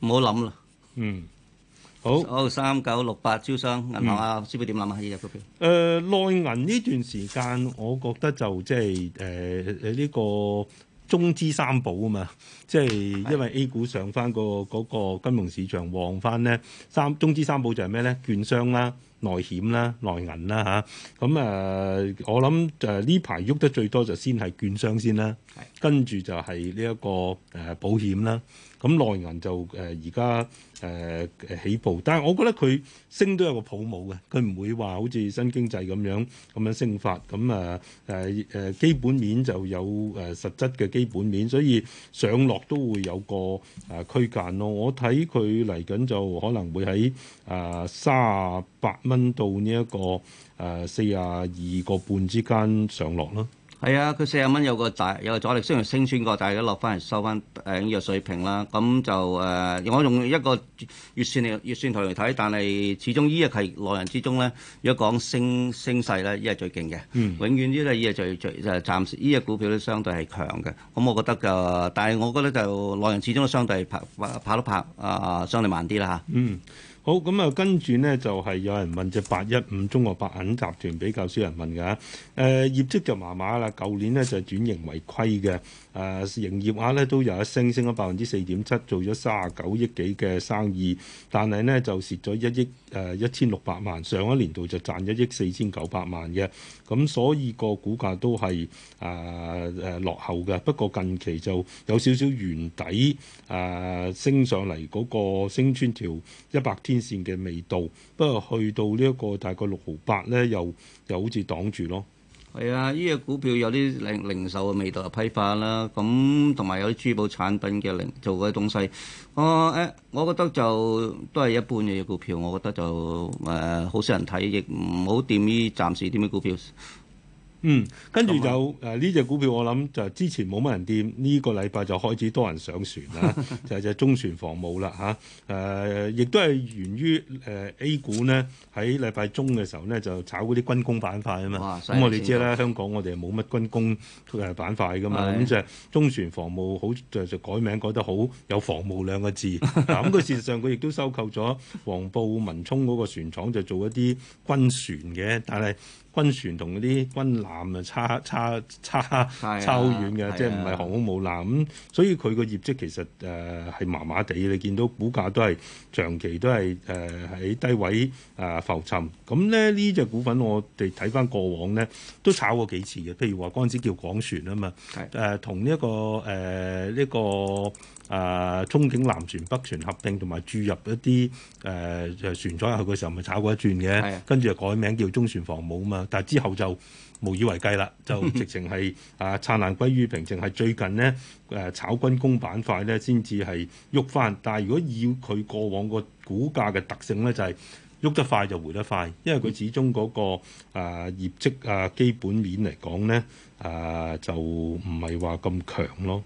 唔好諗啦。嗯。好，三九六八招商銀行啊，師傅點諗啊，呢隻股票。誒內銀呢段時間，我覺得就即係誒呢個中資三寶啊嘛，即係因為 A 股上翻個嗰個金融市場旺翻咧，三中資三寶就係咩咧？券商啦、內險啦、內銀啦吓，咁誒、呃，我諗就呢排喐得最多就先係券商先啦，跟住就係呢一個誒、呃、保險啦。咁內銀就誒而家誒誒起步，但係我覺得佢升都有個泡沫嘅，佢唔會話好似新經濟咁樣咁樣升法，咁啊誒誒基本面就有誒、呃、實質嘅基本面，所以上落都會有個誒、呃、區間咯。我睇佢嚟緊就可能會喺誒三十八蚊到呢、這、一個誒四十二個半之間上落咯。係啊，佢四十蚊有個大有個阻力，雖然升穿過，但係一落翻嚟收翻誒呢個水平啦。咁就誒、呃，我用一個月線嚟月線圖嚟睇，但係始終呢一係內人之中咧，如果講升升勢咧，勢呢係最勁嘅。嗯。永遠呢啲呢係最最誒暫時呢隻股票咧，相對係強嘅。咁我覺得就，但係我覺得就內人始終都相對拍跑，跑，跑都拍，啊、呃，相對慢啲啦嚇。嗯。好咁啊，跟住呢，就係有人問隻八一五中國白銀集團，比較少人問㗎，誒、呃、業績就麻麻啦，舊年呢就轉型為虧嘅。誒、啊、營業額咧都有一升，升咗百分之四點七，做咗三十九億幾嘅生意，但係咧就蝕咗一億誒一千六百萬，上一年度就賺一億四千九百萬嘅，咁所以個股價都係誒誒落後嘅。不過近期就有少少原底誒、呃、升上嚟嗰個升穿條一百天線嘅味道，不過去到呢一個大概六毫八咧，又又好似擋住咯。係啊，呢隻、這個、股票有啲零零售嘅味道，又批發啦，咁同埋有啲珠寶產品嘅零做啲東西。我、呃、誒，我覺得就都係一般嘅嘢股票，我覺得就誒好、呃、少人睇，亦唔好掂呢暫時啲咩股票。嗯，跟住就誒呢麼、啊、隻股票，我諗就之前冇乜人掂。呢、這個禮拜就開始多人上船啦， 就係隻中船防務啦嚇。誒、啊，亦都係源於誒、呃、A 股呢，喺禮拜中嘅時候呢，就炒嗰啲軍工板塊啊嘛。咁、嗯、我哋知啦，香港我哋冇乜軍工板塊噶嘛，咁 就中船防務好就就改名改得好有防務兩個字。咁佢、 嗯、事實上佢亦都收購咗黃埔文沖嗰個船廠，就做一啲軍船嘅，但係。軍船同嗰啲軍艦啊，差差差差好遠嘅，即係唔係航空母艦咁，是啊、所以佢個業績其實誒係麻麻地，你見到股價都係長期都係誒喺低位啊、呃、浮沉。咁、嗯、咧呢隻股份我哋睇翻過往咧都炒過幾次嘅，譬如話嗰陣時叫廣船啊嘛，誒同呢一個誒呢、呃這個啊、呃、中景南船北船合併，同埋注入一啲誒、呃、船廠入去嘅時候，咪炒過一轉嘅，跟住又改名叫中船防務、呃呃嗯嗯嗯、啊嘛、啊嗯。嗯但係之後就無以為繼啦，就直情係啊燦爛歸於平靜，係最近呢誒、呃、炒軍工板塊咧先至係喐返，但係如果要佢過往個股價嘅特性咧，就係、是、喐得快就回得快，因為佢始終嗰、那個誒、呃、業績基本面嚟講咧誒、呃、就唔係話咁強咯。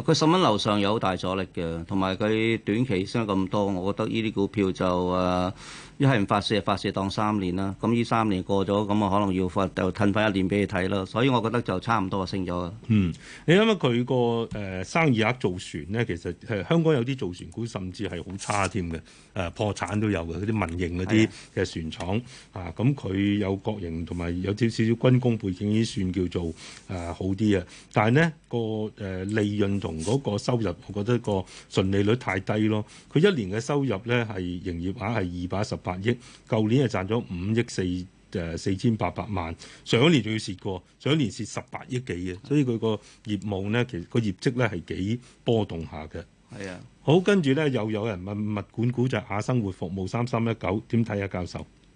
佢十蚊樓上有好大阻力嘅，同埋佢短期升咗咁多，我覺得呢啲股票就誒一係唔發射，發射當三年啦。咁呢三年過咗，咁啊可能要發就褪翻一年俾你睇啦。所以我覺得就差唔多啊，升咗啊。嗯，你諗下佢個誒生意額造船咧，其實誒香港有啲造船股甚至係好差添嘅，誒、呃、破產都有嘅，嗰啲民營嗰啲嘅船廠的啊。咁佢有國營同埋有少少少軍工背景，已算叫做誒、呃、好啲啊。但係呢個誒、呃、利潤同嗰個收入，我覺得個純利率太低咯。佢一年嘅收入咧係營業額係二百一十八億，舊年係賺咗五億四誒四千八百萬，上一年仲要蝕過，上一年蝕十八億幾嘅，所以佢個業務咧其實個業績咧係幾波動下嘅。係啊，好，跟住咧又有人問物管股就係雅生活服務三三一九點睇啊，教授。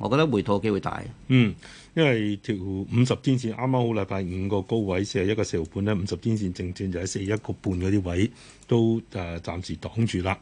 我覺得回吐嘅機會大。嗯，因為條五十天線啱啱好，禮拜五個高位四十一個四毫半咧，五十天線正正就喺四一個半嗰啲位都誒暫、呃、時擋住啦。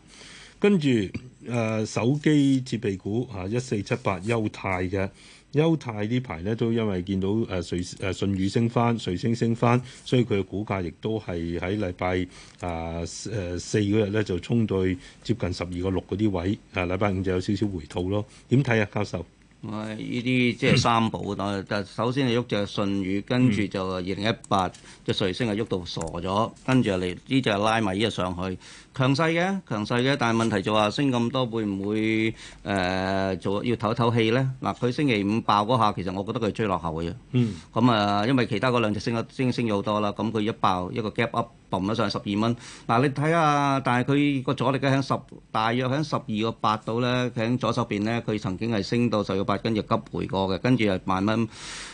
跟住誒、呃、手機設備股嚇一四七八優泰嘅優泰呢排咧都因為見到誒、呃、順誒舜宇升翻，瑞聲升翻，所以佢嘅股價亦都係喺禮拜啊誒四嗰日咧就衝到接近十二個六嗰啲位，啊禮拜五就有少少回吐咯。點睇啊，教授？我呢啲即係三寶啊！但首先啊，喐就順宇，跟住就二零一八，隻瑞星啊，喐到傻咗，跟住嚟呢隻拉米啊上去，強勢嘅，強勢嘅。但係問題就話升咁多，會唔會誒做要唞唞氣咧？嗱，佢星期五爆嗰下，其實我覺得佢係追落後嘅嘢。嗯。咁啊，因為其他嗰兩隻升啊，升升咗好多啦。咁佢一爆一個 gap up。浮咗上十二蚊嗱，你睇下，但係佢個阻力咧喺十大約喺十二個八度咧，喺左手邊咧，佢曾經係升到十二個八，跟住急回過嘅，跟住又慢慢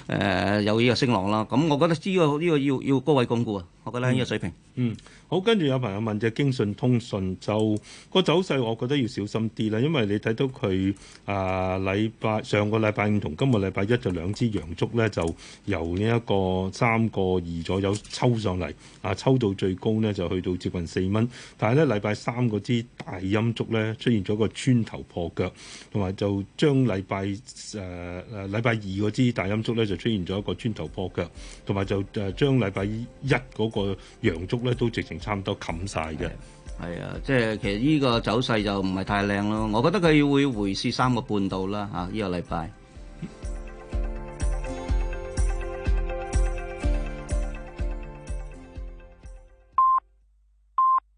誒有呢個升浪啦。咁我覺得呢個呢個要要高位鞏固啊，我覺得呢個水平。嗯。嗯好，跟住有朋友問嘅京信通訊就、嗰個走勢我覺得要小心啲啦，因為你睇到佢啊禮拜上個禮拜五同，今日禮拜一就兩支陽燭咧，就由呢一個三個二左右抽上嚟，啊抽到最高咧就去到接近四蚊，但係咧禮拜三嗰支大陰燭咧出現咗個穿頭破腳，同埋就將禮拜誒誒、呃、禮拜二嗰支大陰燭咧就出現咗一個穿頭破腳，同埋就誒將禮拜一嗰個陽燭咧都直情。差唔多冚晒嘅，係啊，啊，即係其實呢個走勢就唔係太靚咯。我覺得佢會回試三個半度啦，吓、啊，呢、這個禮拜。